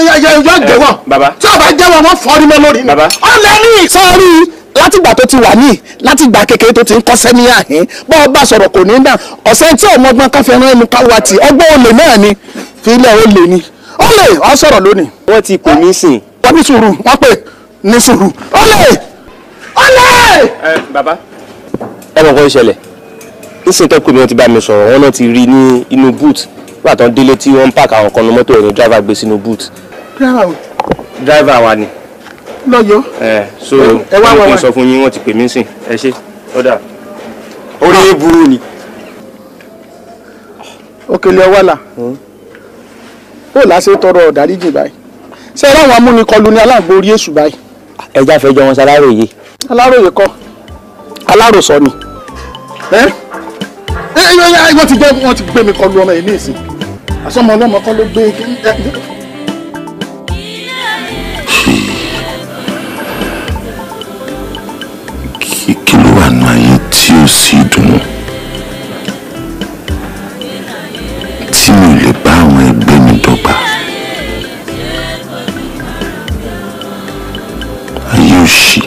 yọ jẹ́wọ́ tí o bá jẹ́wọ́ wọ́n fọ́ ni mọ́ lórí mi. ó lè ní sọ́ọ́rí látìgbà tó ti wà ní látìgbà kékeré tó ti ń kọ́sẹ́ ní àhín bọ́ ọ bá sọ̀rọ̀ kò ní dà ọ̀sẹ̀ tí ọmọgbọ́n kan fẹ́ràn ẹnu káwa tì ọgbọ́n olè náà ni fílẹ̀ olè ni olè ọ sọ̀rọ̀ lónìí. wọ́n ti pè mí sìn. wọ́n ní sùúrù wọ́n pè ní sùúrù olè olè. ẹ bàbá ẹ mọ̀ kó ń ṣẹlẹ̀ nísìnyí tó pè mí wọ́n ti bá mi sọ̀rọ̀ wọ́n náà ti rí ní inú boot wà tán délé tí wọ́n ń pààkì àwọn kan ní mọ́tò ẹ̀yìn dráìvà gbé sínú boot. dráìvà wa ni. lọ́yọ̀. ẹ so ẹ wá wọn sọ fún yín wọ́n ti pè mí sìn ẹ ṣe ọ̀dà. orí yín burú ni. òkèlè ọwọ́là hmm? ó láṣẹ tọrọ ọ̀dáríjì báyìí ṣé ẹ láwọn amúnikọlù ní aláàgbò orí èṣù báyìí. ẹja fẹjọ́ wọn ṣe aláròye. aláròye kọ́ aláròsọ ni wọ́n ti gbé wọ́n ti gbé mi kọlu ọmọ yìí ìsìn àsọmọ ọlọ́mọ kọ́ ló gbé kí ló wà nù ayé tí ó sì dùnú tí mi ò lè bá àwọn ẹgbẹ́ mi dọ́gba ayé òṣì.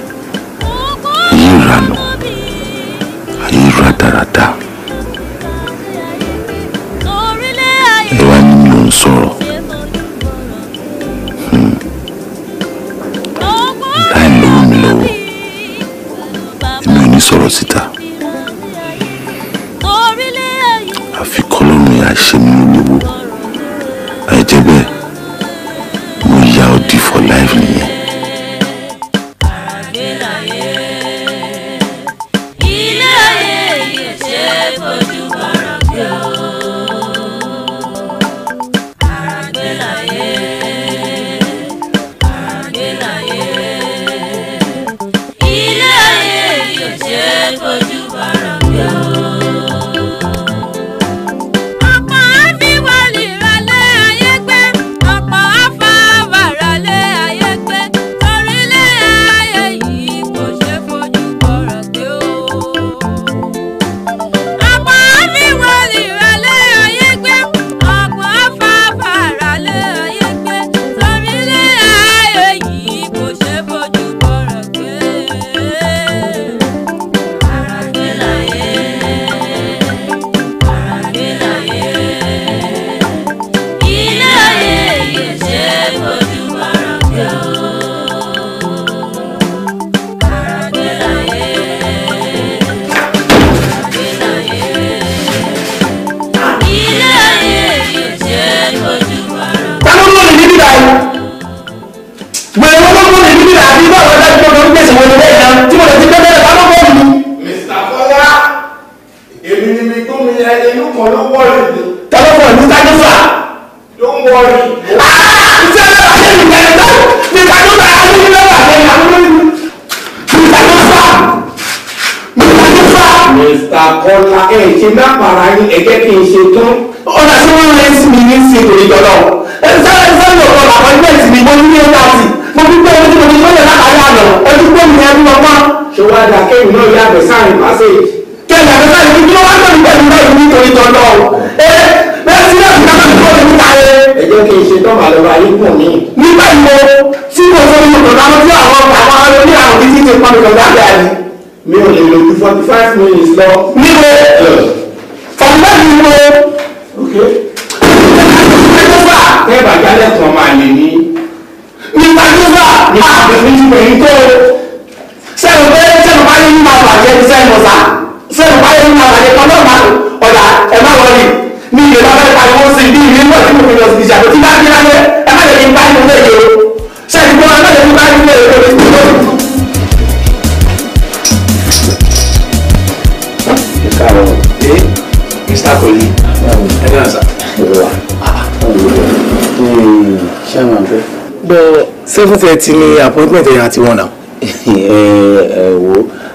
ṣé fún tiẹ̀ ti ní appointment ẹ̀yà àti wọn náà. ẹ ẹ wo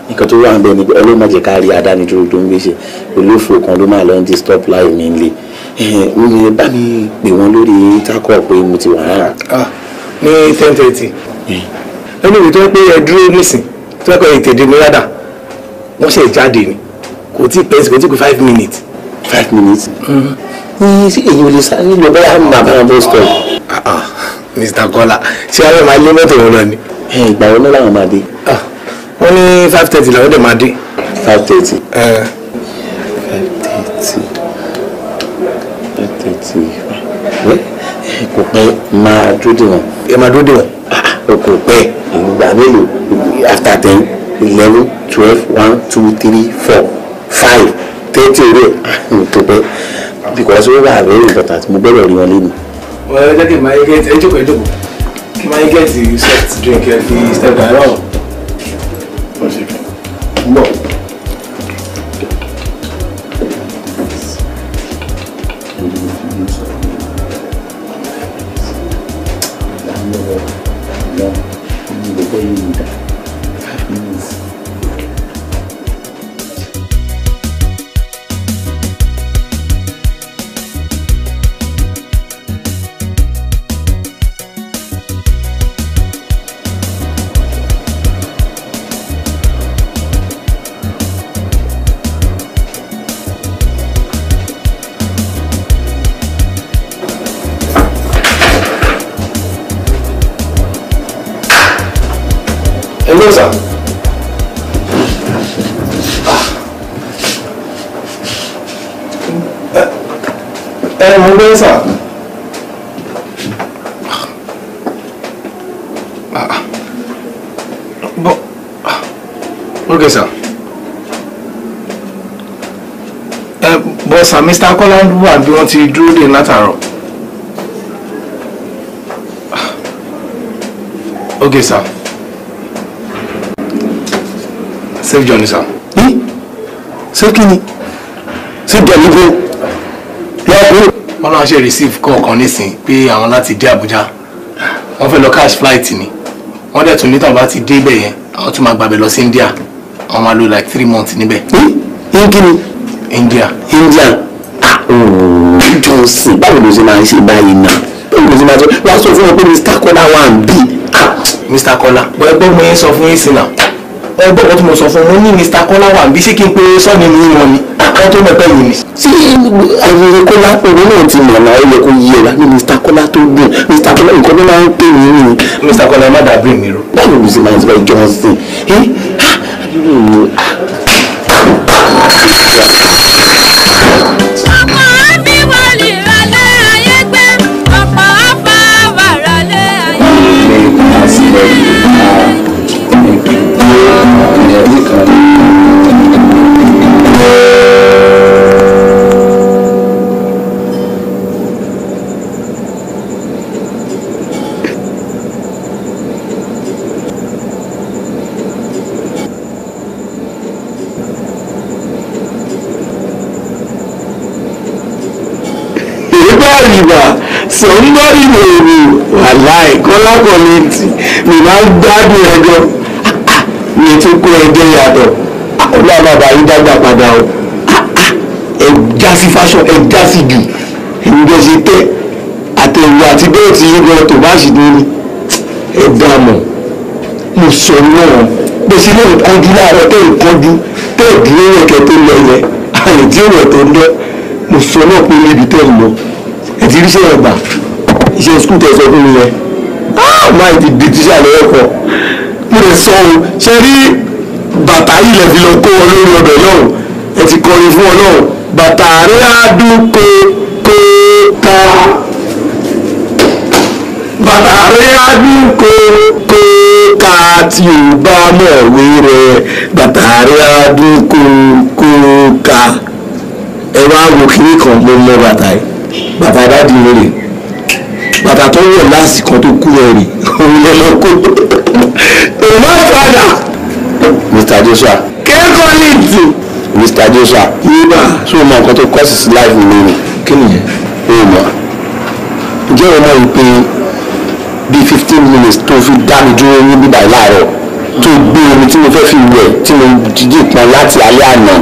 nǹkan tó wà ń bẹ ni pé ọlọ́mọ jẹ́ ká rí adánidúró tó ń gbéṣẹ́ olófò kan ló máa lọ ń disturb láì mí lé ẹ bá mi pè wọ́n lórí takọ pé mo ti wà rárá. Ah, ní ten thirty eh. ẹni ìwé tó ń pé ẹ dúró nísìn tó ń kọ́ ìtẹ̀dé mi rádà wọ́n ṣe jáde ni kò tí pẹ́ sí kò tí kù five minutes. five minutes. Mm-hmm. Eh, ṣé èyí ò lè sáré lọ bẹ́ẹ̀ á máa bá wọn bọ́ stop. Ah, ah. Mr. Kọ́lá ṣé àwọn máa lé mọ́tò wọn lọ ni. ìgbà wo ló làwọn máa dé. Ah, wọ́n ní five thirty làwọn dẹ̀ máa dé. five thirty. five thirty five thirty kò pẹ́ máa dúró dè wọ́n. ẹ máa dúró dè wọ́n. Ah, kò pẹ́ ìgbà mélòó after ten eleven twelve one two three four five thirty rẹ̀ ah, kò pẹ́ because wọ́n bá àbẹ̀rẹ̀ ìgbà tí mo gbọ́dọ̀ rí wọn lẹ́nu well jẹ́ kí My máa yẹ gẹ́tì ẹjọ́ kan ẹjọ́ kí n máa yẹ gẹ́tì soft drink ẹ fi Mr. Kọ́lá wà bí wọ́n ti dúró dè látàárọ̀. Okay, sir. Safe journey, sir. Ní ṣé kí ni? Safe journey bó? Lọ́kùn. Wọ́n náà ṣe receive call kan nísìnyí pé àwọn láti dé Àbújá. Wọ́n fẹ́ lọ cash flight ni. Wọ́n dẹ̀ tún ní tàbá ti dé ibẹ̀ yẹn. Àwọn tún máa gbàbẹ̀ lọ sí India. Àwọn máa lò like three months níbẹ̀. Ní kí ni? India. India sìn báwo ló ṣe máa ń ṣe báyìí náà báwo ló ṣe máa ń sọ wá sọ fún wọn pé Mr. Kola? wà ń bì. Mr. Kola. bọ ẹgbẹ́ mo yẹn sọ fún yín sí náà ẹgbẹ́ ọ̀pọ̀ tí mo sọ fún mo ní Mr. Kola. wà ń bí ṣé kí n pe sọ́ọ̀nì mi wọn ni wọ́n tó mọ̀ pẹ́yìn mi. sí ayẹyẹ Kọ́lá òun náà ti mọ̀ náà ó yẹ kó yé wa ní Mr. Kola tó dùn Mr. Kola, nǹkan tó máa ń pè mí nìyí. Mr. Kola, ẹ má dàbí mi rò. báwo ló ṣe máa ń sọ ìjọ ẹ̀rí kan rí. sọ̀ńbọ̀rì lè wò wàláì kọ́lákọ̀ọ́lẹ́tì mi máa ń gbádùn ẹ̀gọ́ ẹni tó kó ẹjẹ yàtọ̀ ah, ọlọ́ àbàbà yìí dàgbà padà o ah, ah, ẹja sí fashion ẹja sí jù ẹni bẹ́ẹ̀ ṣe tẹ́ àtẹ̀wé àti bẹ́ẹ̀ tí yín lọ tó bá ṣì lórí ẹ̀dá mọ̀ mo sọ náà gbèsè náà kọjú láàárọ̀ tẹ́ ẹ̀ kọjú tẹ́ ẹ̀ dúró rẹ̀kẹ́ tó lọ yẹ àyè tí òwò tó ń lọ mo sọ náà pé níbi tẹ́ ẹ̀ lọ ẹ̀ ti ríṣẹ́ ẹ̀ gbà iṣẹ́ skul tẹ̀ sọ fún mi yẹn máa ti di tíṣà lọ́wọ́ kan lè sọ o ṣe rí bàtà ilẹ̀ fi lọ kó wọn lórí ọbẹ̀ náà ẹ ti kọrin fún ọ náà bàtà rẹ̀ á dún pé pé ká bàtà rẹ̀ á dún pé pé ká tí o bá mọ̀wé rẹ̀ bàtà rẹ̀ á dún kó kó ká ẹ wá wo kiri kan mo mọ bàtà yìí bàtà ìdádìí rẹ̀ bàtà tó wọ̀ lásìkò tó kú ẹ̀ rè òun lọ́kọ́. Oma fada. Mr. Joshua. Kẹ́kọ̀ọ́ ní ìtì. Mr. Joshua. Yíba. Ṣé o mọ nǹkan tó kọ́ sísí láì fún mi ni? Kí ni yẹn? O mọ̀. Ǹjẹ́ o mọ̀ wípé bíi fifteen minutes tó fi dá mi dúró ní bíbá láàárọ̀ tó gbé omi tí mo fẹ́ fi wẹ̀ tí mo jíjì pọn láti alẹ́ àná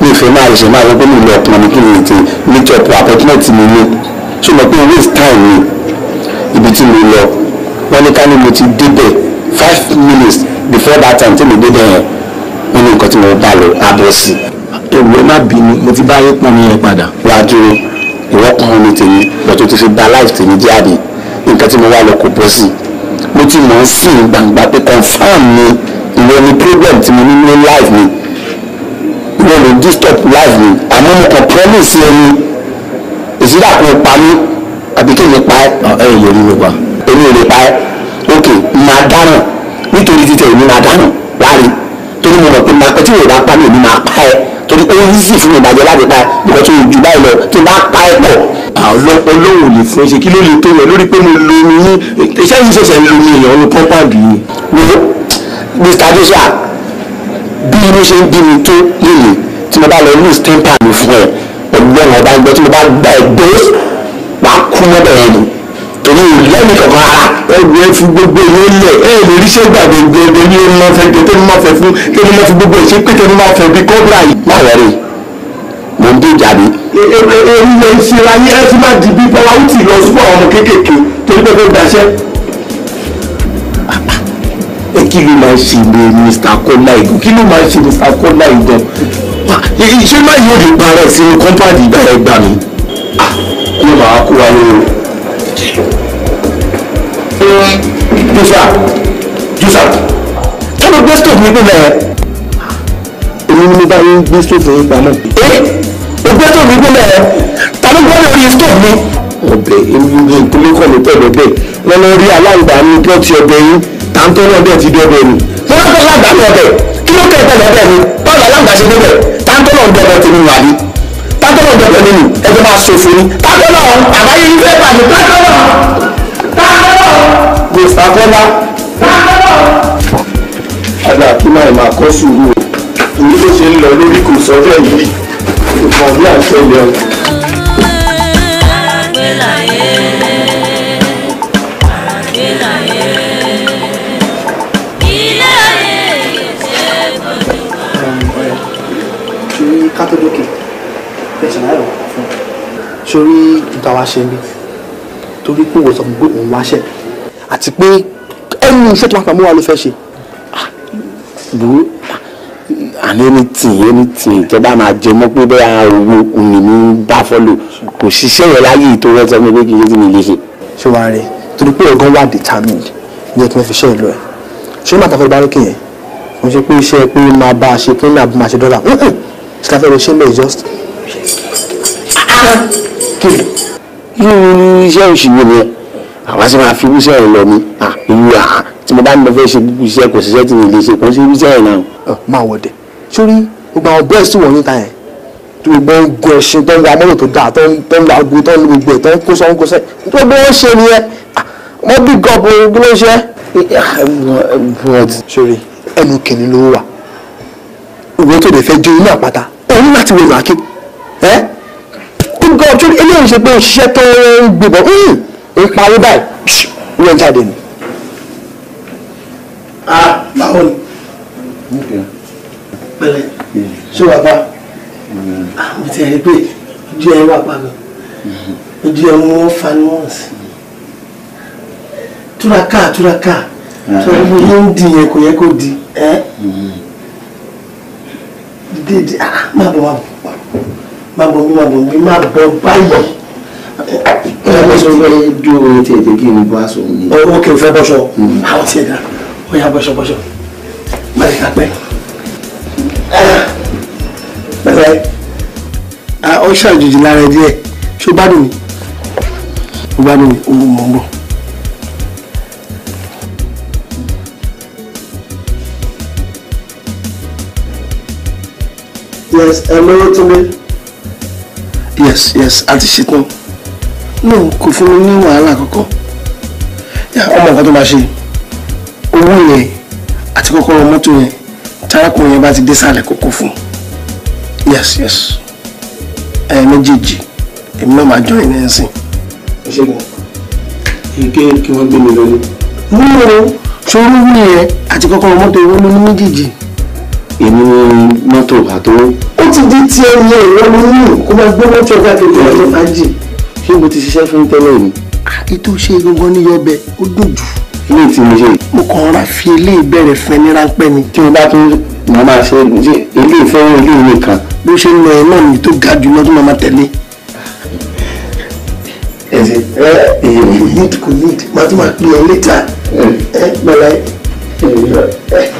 mi ìfẹ́ máa ṣe máa rẹ́ pé mi lọ pọn mi kí ni ti meet up appointment mi ní. Ṣé o mọ̀ pé waste time ni ibi tí mo lọ? Wọ́n ní ká ní mo ti débẹ̀ five minutes before that time tí mo dé bẹ́ẹ̀ wọ́n ní nǹkan tí mo bá lọ abọ́ sí. èwo má bínú mo ti bá yín pọn mi yẹn padà. wàá dúró ìwọ kan ní tèmi lọ́tọ́ tó fi ba life tèmi jẹ́ àbí nǹkan tí mo wá lọ kò bọ́ sí. mo ti mọ̀ ọ́n sí gbangba pé confam ni ìwọ ni problem tí mo ní ní life mi ìwọ ni disturb life mi àmọ́ mo kàn promise ẹni ìsídà kan pa mí àbí kí n lè pa ẹ́. ẹ ẹ lè rí mi pa. èmi ò lè pa ẹ́ òkè máa dáràn nítorí títẹ̀ èmi máa dáràn láre torí mo mọ̀ pé máa pẹ́ tí mo bá pa mi èmi máa pa ẹ́ torí ó ń sì fún mi ìbàjẹ́ láti pa ẹ́ bíkọ́ tó jù báyìí lọ tí n bá pa ẹ́ pọ̀. ọlọ́run lè fún ṣe kí ló lè tó yẹ lórí pé mo lo omi yín iṣẹ́ yìí ṣẹ̀ṣẹ̀ ń lo omi èèyàn ní pọ́pàdì yìí. Mr. Joshua bí mo ṣe ń bí mi tó lèlè tí mo bá lọ lose temper mi fún ẹ ọgbọ́n ọba gbọ́ tí mo bá gbà lẹ́yìn kankan ara ẹ̀rù ẹ̀ fi gbogbo ìwé lẹ̀ ẹ̀ lè rí sẹ́gbà gbogbo ẹ̀ ní ọmọ fẹ́ gbé tẹ́ni máa fẹ́ fún tẹ́ni máa fi gbogbo ìṣe pé tẹ́ni máa fẹ́ bí kọ́bra yìí. má wẹ̀rẹ̀ mò ń déjà mi. èyí lè ṣe ayé ẹ ti máa di bí bọ́lá ó ti lọ súnmọ́ ọmọ kéékèèké torí pé kó gbaṣẹ́. ẹ kí ló máa ń ṣe ní Mr. Kola igun kí ló máa ń ṣe Mr. Kola igun ṣé má yóò lè parẹ́ sínú kọ́ńpáàdì ìgbà ẹgbàá mi. kó máa kó wa lóru Joshua Joshua kí ló gbé stove nípìn bẹ́ẹ̀. èmi ni mo bá yín gbé stove yín pamọ́. ẹ o gbé stove nípìn bẹ́ẹ̀ ta ló gbọ́ lórí stove mi. ọbẹ̀ èmi ìkúlé kọ̀ ní pẹ̀lú ọbẹ̀ wọn lọ rí aláǹgbá ní plọ́ọ̀tì ọbẹ̀ yín tàǹtọ́ náà bẹ́ẹ̀ ti di ọbẹ̀ mi. mo rẹ́ pẹ́ aláǹgbá ní ọbẹ̀ kí ló kẹ́ pẹ̀lú ọbẹ̀ mi báwo aláǹgbá ṣe débẹ̀ tàǹtọ́ náà bẹ̀rẹ̀ tèmi wà ní tàǹtọ́ náà bẹ̀rẹ̀ mi ẹjọ́ máa ṣòfò ni tàǹtọ́ náà àbáyé yín fẹ́ bàjẹ́ tàǹtọ́ náà. Mr. Bọ́lá. Ada Akínmá ẹ̀ máa kọ́ sùúrù o. Èyí tó ṣe ń lọ lórí kò sọ́jọ́ yìí. Ìfọ̀n bí àṣẹlẹ̀ o. kátólókè tẹsán ayọ̀ fún un sórí ìgbà wa ṣe ń bí torí pé òwòsàn gbogbo òun wáṣẹ́ àti pé ẹnu iṣẹ́ tó máa pamọ́ wa ló fẹ́ ṣe ah, bùrú ah, àní anything anything tó bá máa jẹ mọ́ pé bẹ́ẹ̀ owó òní mi bá fọ́lò kò ṣiṣẹ́ yẹn láyé tó rẹ́ sọ pé kí n ṣe tí mi lè ṣe. ṣé wàá rẹ torí pé ọgán wà determined ní ẹkùn ẹ fi ṣe ìlú ẹ ṣé màtá fẹ́ bá lókè yẹn mo ṣe pé iṣẹ́ pé máa bá a ṣe pé máa bá a ṣe dọ́là ṣe fẹ́ lọ ṣe just. Ah, kí ni iṣẹ́ òṣìṣẹ́ yẹn àwa sì máa fi irú iṣẹ́ yẹn lọ mi ìlú àhà tí mo bá ní mo fẹ́ ṣe gbogbo iṣẹ́ kò ṣiṣẹ́ tí mi lè ṣe kò ń ṣe irú iṣẹ́ yẹn náà. máa wọ̀ dẹ̀ sórí gbogbo àwọn bẹ́ẹ̀ sì wọ̀nyí ta yẹn gbogbo ogun ẹ̀sìn tó ń wa mọ́tò tó dáa tó ń la ogun tó ń lo gbogbo ẹ̀ tó ń kó sọ́n kó sẹ́ gbogbo ó ṣe nìyẹn wọ́n bí gọ́ọ̀bù ogun ló ṣe. sórí ẹnu kìnìún ló wà ìwé tó lè fẹ́ jó inú àpáta òun láti wọ ìlú àkí ẹ́ gbogbo ọjọ́ eléyìí ṣe pé òṣìṣẹ́ tó ń gbébọn hmm ìparí báyìí ló ń jáde ni. a báwo ni pẹ̀lẹ́ ṣé wàá bá àwọn tí a rí pé ojú ẹ wà pa gan ojú ẹ wọn fa ni wọn sí túraká túraká tó ń bí di yẹn kò yẹ kó di ẹ dídí má bọ̀ má bọ̀ má bọ̀ mi má bọ̀ mi má bọ̀ báyìí ẹ fẹ́ dúró tètè kí n bọ́ aṣọ mi. ó kì í fẹ́ bọ́ṣọ hmm. àwọn tiẹ̀ dá ó yà bọ́ṣọ bọ́ṣọ mẹ́rin ká pẹ́. bẹ́ẹ̀ ó ṣàjèjì lára ẹ ṣó bá dùn mí ó bá dùn mí ó mọ̀ ń bọ̀. yes ẹ lówó tún mi. yes yes àti ṣetán no kò fún mi ní wàhálà kankan ọmọ nǹkan tó máa ṣe owó yẹn àti kọ́kọ́rọ́ mọ́tò yẹn tarakùnrin yẹn bá ti dé sàlẹ̀ kókó fún yes yes ẹ méjèèjì èmi náà máa jọ ìrìn ẹ̀sìn. ṣẹ́gun ike kí wọ́n gbé mi lọ́lé. mú o ṣòro owó yẹn àti kọ́kọ́rọ́ mọ́tò yẹn ló ní méjèèjì. èmi ni mọ́tò àtọwọ́. ó ti di tiẹ̀ ní ìwọ́n ní kó máa gbé mọ́tò ẹ̀ káàkiri ọ̀rọ̀ fàájì ṣé mo ti ṣiṣẹ́ fún tẹ́lẹ̀ mi. Ah, ètò ṣe gangan ní yọbẹ ó dùn jù. ilé tí mo ṣe. mo kàn ra fi ilé ìbẹ̀rẹ̀ fún ẹni ráńpẹ́ ni. tí mo bá tún mọ̀ máa ṣe ilé ìfẹ́ràn ilé ìwé kan. bó ṣe ń lọ ẹ̀ náà ni tó ga jù lọ tó máa máa tẹ̀lé. ẹ ẹ ẹ kò need kò need màá tún máa pè ọ́ létà ẹ gbọ́dọ̀ ẹ.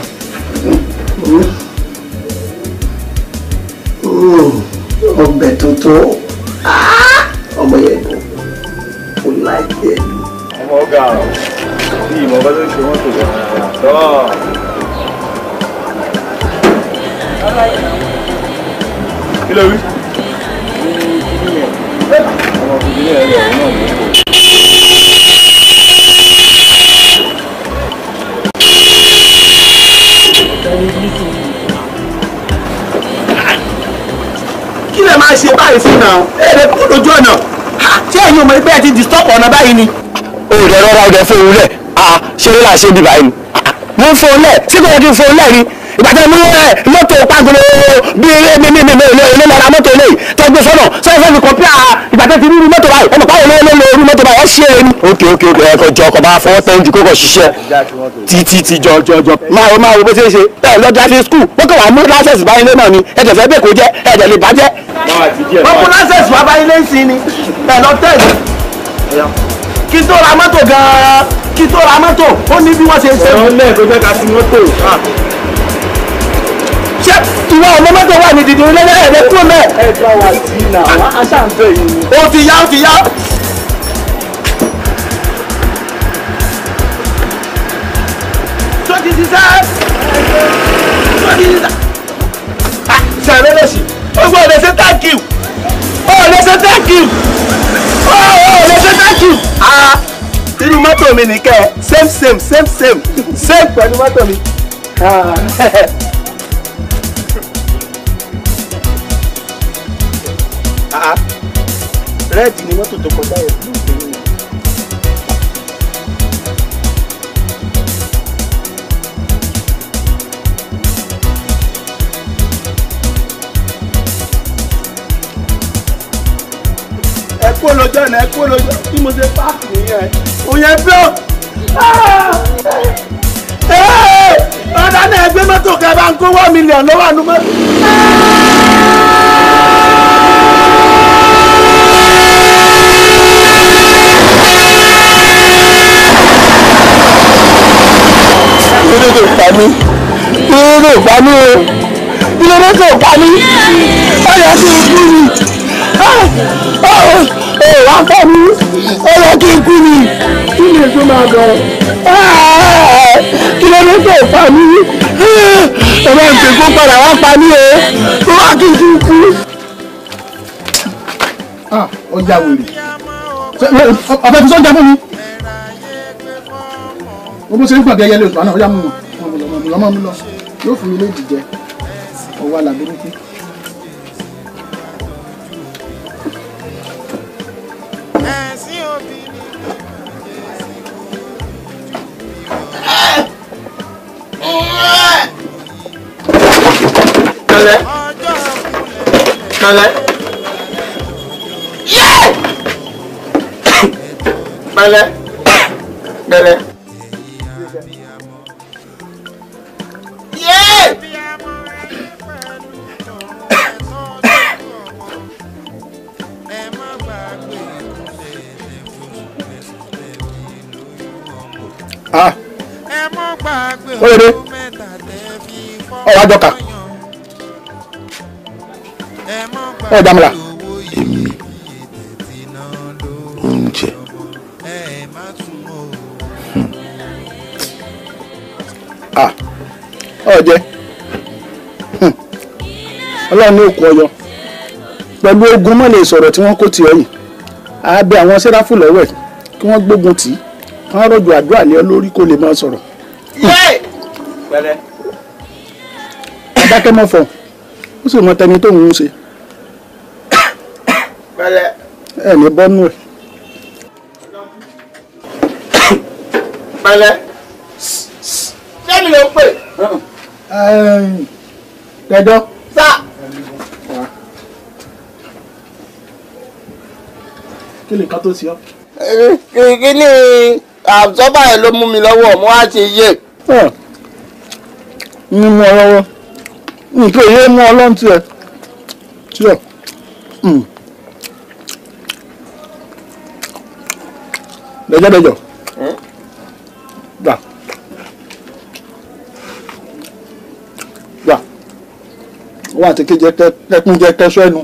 ọbẹ̀ tuntun ọmọ yẹn dùn ó láìpẹ́ ẹ̀ dùn. ọmọ ọgá ọ bí ìmọ̀ bá ló ń ṣe wọ́n tó lọ tọ́. kí ló wí. ọmọ kìíní ẹ̀ lọ náà ló kọ. kí lè máa ṣe báyìí fún náà ẹ̀ẹ́dẹ̀ kó lójú ọ̀nà tí ẹ̀yin ò mọ̀ pé ẹ ti disturb ọ̀nà báyìí ni. o ò dẹ rọra o dẹ fún òun lẹ ṣe é láṣẹ bí báyìí mo ń fún òun lẹ sí kò kí n fún òun lẹ ni ìgbàdá mi ń rẹ mọ́tò pàgolo bí mímímí ilé ìlera mọ́tò ilé tẹgbẹ́ sọ́nà sọ́yìn fẹ́ẹ́ fi kọ́ pí ìgbàdá ti rírú mọ́tò báyìí ọmọ fẹ́ ṣe é ni. ok ok ok ẹ̀kọ́ jọ ọkọ̀ máa fọwọ́ tẹ́jú kókò ṣiṣẹ́ títí ti jọ jọ jọ. máa wo máa wo bó ṣe é ṣe bẹ́ẹ̀ lọ jáde skul wọ́n kàn wá mú lásẹ̀sì báyìí lé náà ni ẹ̀jẹ̀ fẹ́ bẹ́ẹ̀ kó jẹ́ ẹ̀jẹ̀ lè bàjẹ́. wọ́n mú lásẹ̀sì wá báyìí lé sí ni ẹ̀ lọ tẹ̀lé kí tó ra mọ́tò gan-an kí tó ra mọ́tò ó ní bí wọ́n ṣe ń ṣe. ọ̀rọ̀ lẹ́ẹ̀ tó fẹ́ ka sí mọ́tò ṣé ìwọ ọmọ mọ́tò wà ní dídùn ilé náà ẹ̀rẹ́ kúrò mẹ́ẹ̀. ẹ gbà wá sí i náà aṣáǹfẹ́ yìí. ó ti yá ó ti yá ṣiṣẹ́ tó ti ṣiṣẹ́ ṣàrẹ́ lọ́sì ó gbọ́dọ̀ ṣe thank you ó lè ṣe thank you ó lè ṣe thank you irú mọ́tò mi same same same same same pẹ̀lú mọ́tò mi. red ni mọ́tò tó kọjá yẹn. lójú ọ̀nà ẹ kúrò lójú bí mo ṣe páàkì nìyẹn òyìn block ah! eh! ọ̀dà náà ẹgbẹ́ mọ́tò kẹfà ń kó one million lọ́wọ́ àánú mọ́tò. ilé tó pa mí ilé tó pa mí o ilé tó pa mí ọ̀yà tó kú mi ẹ wá kọ́ mi ó yẹ kí n kú ni kí ni èso máa bọ̀ kí ló dé tó pa mí ọlọ́run ti kó padà wá pa mí o tó wá kí n tún kú. ọjà ah, wèrè ọbẹ̀ fi sọ́jà fún mi wọ́n bó ṣe ń gbàgbé ẹyẹ lè tó àná ọjà mú mi lọ́mọ mi lọ yóò fún mi lójijì jẹ ọwọ́ alábẹ́rẹ́ fún mi. pẹ̀lẹ́ yé pẹ̀lẹ́ pẹ̀lẹ́ yé. Ah. Wọ́n lè dé. Ọ̀rọ̀ àjọkà ẹ dá mi la. èmi oúnjẹ hmm. ah ọjẹ hmm. Ọlọ́run ní òkú ọyọ pẹ̀lú ogun mọ lè sọ̀rọ̀ tí wọ́n kó tiẹ̀ yìí àbẹ àwọn sẹráfù lọ́wọ́ ẹ kí wọ́n gbógun tì í kí wọ́n rọ̀jò àdúrà lé ọ lórí kó lè máa sọ̀rọ̀. adákẹ́ mọ́ fọ̀hún ó sì mọ tẹni tó ń ṣe ẹ ní bọ́nú ẹ̀. pẹ̀lẹ́ sẹ́mi ló ń pè. dẹjọ́. sá. kí ni ká tó ṣe ọ. kí ni àbùsọ́bà yẹn ló mú mi lọ́wọ́ mo wá ṣe yé. mímú ọ lọ́wọ́ nǹkan èyí mú ọlọ́run tiẹ̀ hmm. tiẹ̀ bẹ̀jẹ̀bẹ̀jọ̀ gbà gbà wọ́n àti kéje kẹkún jẹ ẹnu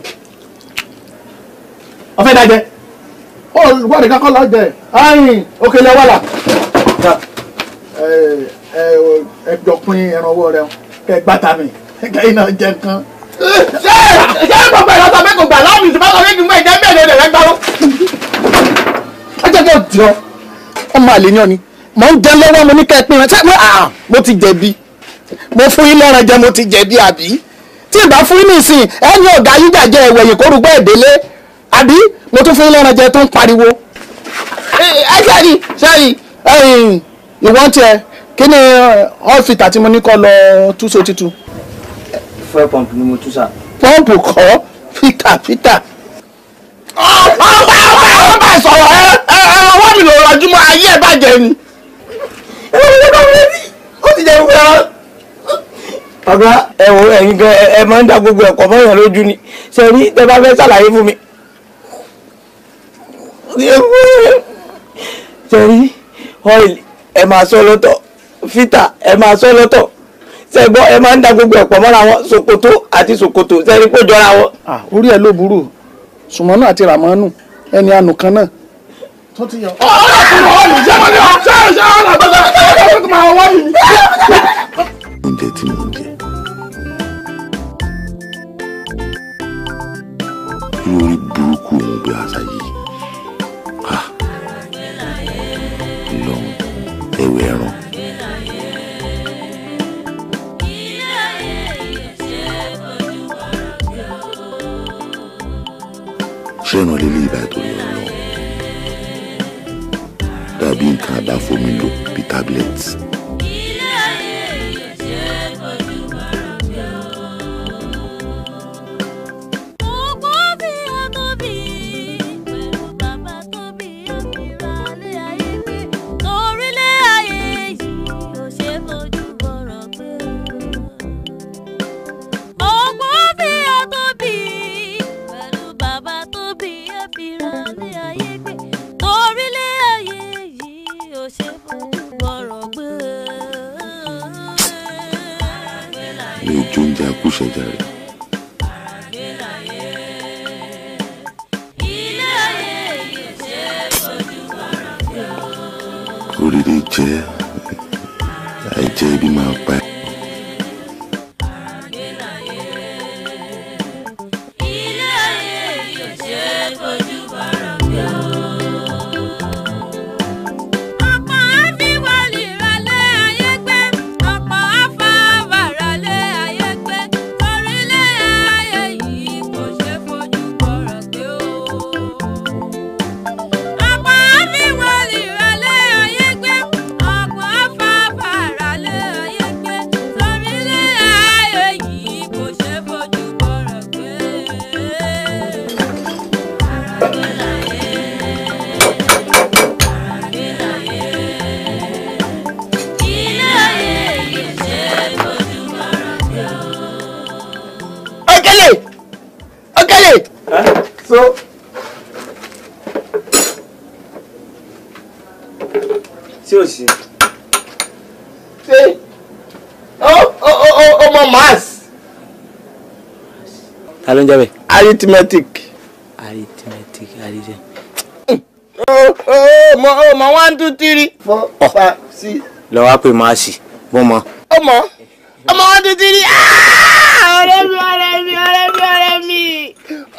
ọ̀fẹ́ dájẹ́ ó wà ní kakọ́ ayin òkèlè wàlà ẹ ẹ ẹjọ pin ẹran rẹ kẹ gbàtà mi kẹ́yìn náà jẹ kan. ṣé ṣé gbogbo ìlọsọ pé kò gbà láàmì ìṣúná sọ pé kí n mọ ìjẹ́ bẹ́ẹ̀ lọ́dẹ̀ lẹ́gbàrún. ẹ jẹ́ kí o jọ ọmọ àlè yan ni mò ń jẹ lọ́wọ́ mo ní kẹ́ ẹ pín ránṣẹ́ pé ah mo ti jẹ̀bi mo fún yín lẹ́ran jẹ mo ti jẹ̀bi àbí tí ìbá fún yín nìsín ẹni ọ̀gá yín jàjẹ́ ẹ̀wẹ̀yìn kó rúgbọ́ ìdílé àbí mo tún fún yín lẹ́ran jẹ tó ń pariwo. ẹ sẹ́ni sẹ́ni. ìwọ́n tiẹ̀ kí ni ọ́fìtà tí mo ní kọ́ lọ túṣo títú fẹ́ pọ́ǹpù ni mo tú sà. pọ́ǹpù kọ́ fítà fítà. ọba ọba ọba sọ̀rọ̀ ẹ ẹ ọwọ́ mi ló rọjú mọ́ ayé ẹ bàjẹ́ ni. ẹ wọ́n mi lọ́kọ̀ wọlé sí ó ti dẹ̀ wúlọ́. bàbá ẹ wo ẹ̀yin gan ẹ máa ń dá gbogbo ẹ̀kọ́ mọ́yàn lójú ni ṣe rí tẹ bá fẹ́ ṣàlàyé fún mi. ṣe rí ọ́ìlì ẹ máa sọ lọ́tọ̀ fítà ẹ máa sọ lọ́tọ̀ sẹ́gbọ́n ẹ máa ń da gbogbo ẹ̀pọ̀ mọ́ra wọn ṣòkòtò àti ṣòkòtò sẹ́ni kó jọra wọn. orí ẹ ló burú sùmọ́nù àti ràmọ́nù ẹni àánú kan náà. tó burúkú mo gbé àṣà yìí ah. lọ́hùn ẹ̀wẹ̀ ẹran Chou nou li li bè tou yon lò. Da bin kanda fò min lò pi tabletz. ta ló ń jẹ́ bẹ́ẹ̀. arithmetic. arithmetic arithmetic. o mọ o mọ one two three. four oh. five six. lọ wá pé máa sì bọ́ mọ. ó mọ ọmọ one two three. Ah! ọ̀rẹ́ mi ọ̀rẹ́ mi ọ̀rẹ́ mi ọ̀rẹ́ mi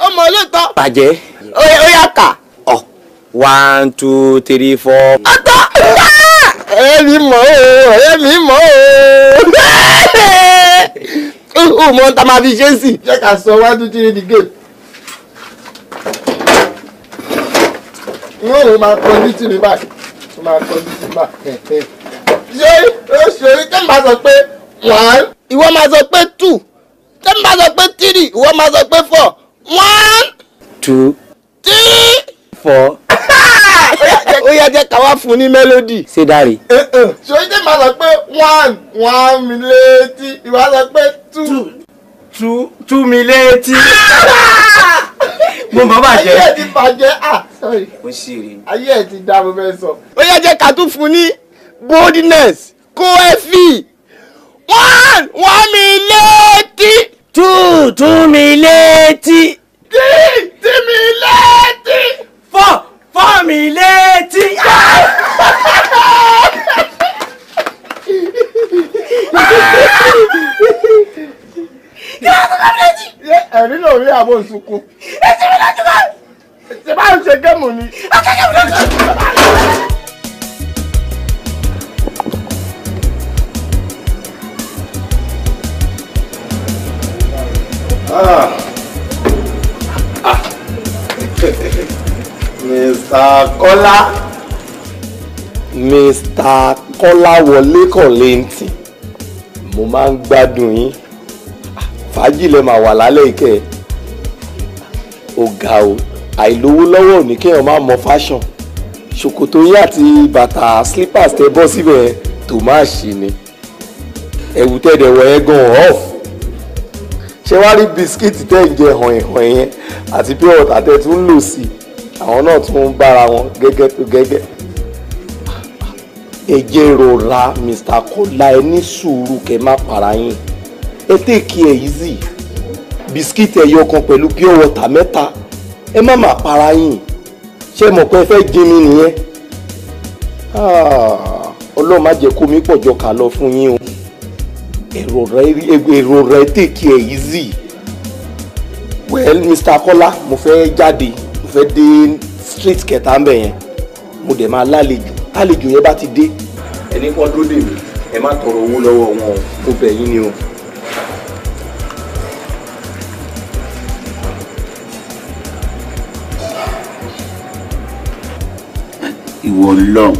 ọmọ oh, olóòótọ́. bàjẹ́. ó oh, yà kà. ọ one two three four. ọtọ ah! ọ̀rẹ́ mi mọ̀ ọ́ ọ̀rẹ́ mi mọ̀ ọ́. [LAUGHS] ó mọ ta máa fi ṣe é sì. jẹ́ ká sọ wájú tí ní gate. inú òun máa kọjú tì mí báyìí ó máa kọjú tì mí báyìí. ṣé ó ṣe orí tẹ́ ń bá sọ two Ten ń bá sọ pé three ìwọ máa sọ pé four one. two. three. four. [LAUGHS] ó yá jẹ́ ká wá fún ní mélòdì. ṣé dáre. Eh, eh. ṣòyí tẹ̀ máa sọ pé one one mi létí ìwà sọ pé two two two mi létí. [LAUGHS] mo máa bàjẹ́. ayé ẹ̀ ti bàjẹ́ ah sorry. mo ṣe rí. ayé ẹ̀ ti dá mo fẹ́ sọ. ó yá jẹ́ ká tún fún ní boldness kóẹ́fì one one mi létí. two two mi létí. three three mi létí. four fọ́ mi létí. ẹ̀rí ló rí àbò ìsìnkú. ẹsẹ̀ mi lọ́jọ́ bá. ṣe bá ń ṣe géèmù ni. akẹ́kẹ́ mi lọ́jọ́ bá. Ah. Ah. Mr. Kola, Mr. Kọ́láwọlé Kọ̀lẹ́ǹtì mo máa ń gbádùn yín fàájì lẹ máa wà lálẹ́ ìkẹ́ ẹ̀ ó ga o àìlówó lọ́wọ́ ò ní kéèyàn máa mọ fashion ṣòkòtò yín àti bàtà slippers tẹ bọ́ síbẹ̀ tó máa ṣì ni ẹ̀wù tẹ̀dẹ̀ wọ̀ ẹ́ gan off ṣé wàá rí bisikíìtì tẹ̀ ń jẹ hàn-ẹ̀hàn yẹn àti pure water tẹ̀ tún lò sí i àwọn náà tún ń bára wọn gẹ́gẹ́ tó gẹ́gẹ́ ẹ jẹ́ Mr. Kola ẹ ní sùúrù kẹ́ má para yín ẹ tèkì ẹ easy bisikíìtì ẹyọ kan pẹ̀lú pure water mẹ́ta ẹ má má para yín ṣé mọ̀ pé ẹ fẹ́ jin mi nìyẹn ah, ọlọ́run má jẹ́ kó mi pọ̀jọ kà lọ fún yín o èrò rẹ tèkì ẹ easy well Mr. Kola mo fẹ́ jáde fẹ́ dé street kẹta ń bẹ̀ yẹn mo dẹ̀ máa lálejò tálejò yẹn bá ti dé ẹni kọ́ dúró dè mí ẹ má tọrọ owó lọ́wọ́ wọn o mo bẹ̀ yín ni o. ìwọ lọ́n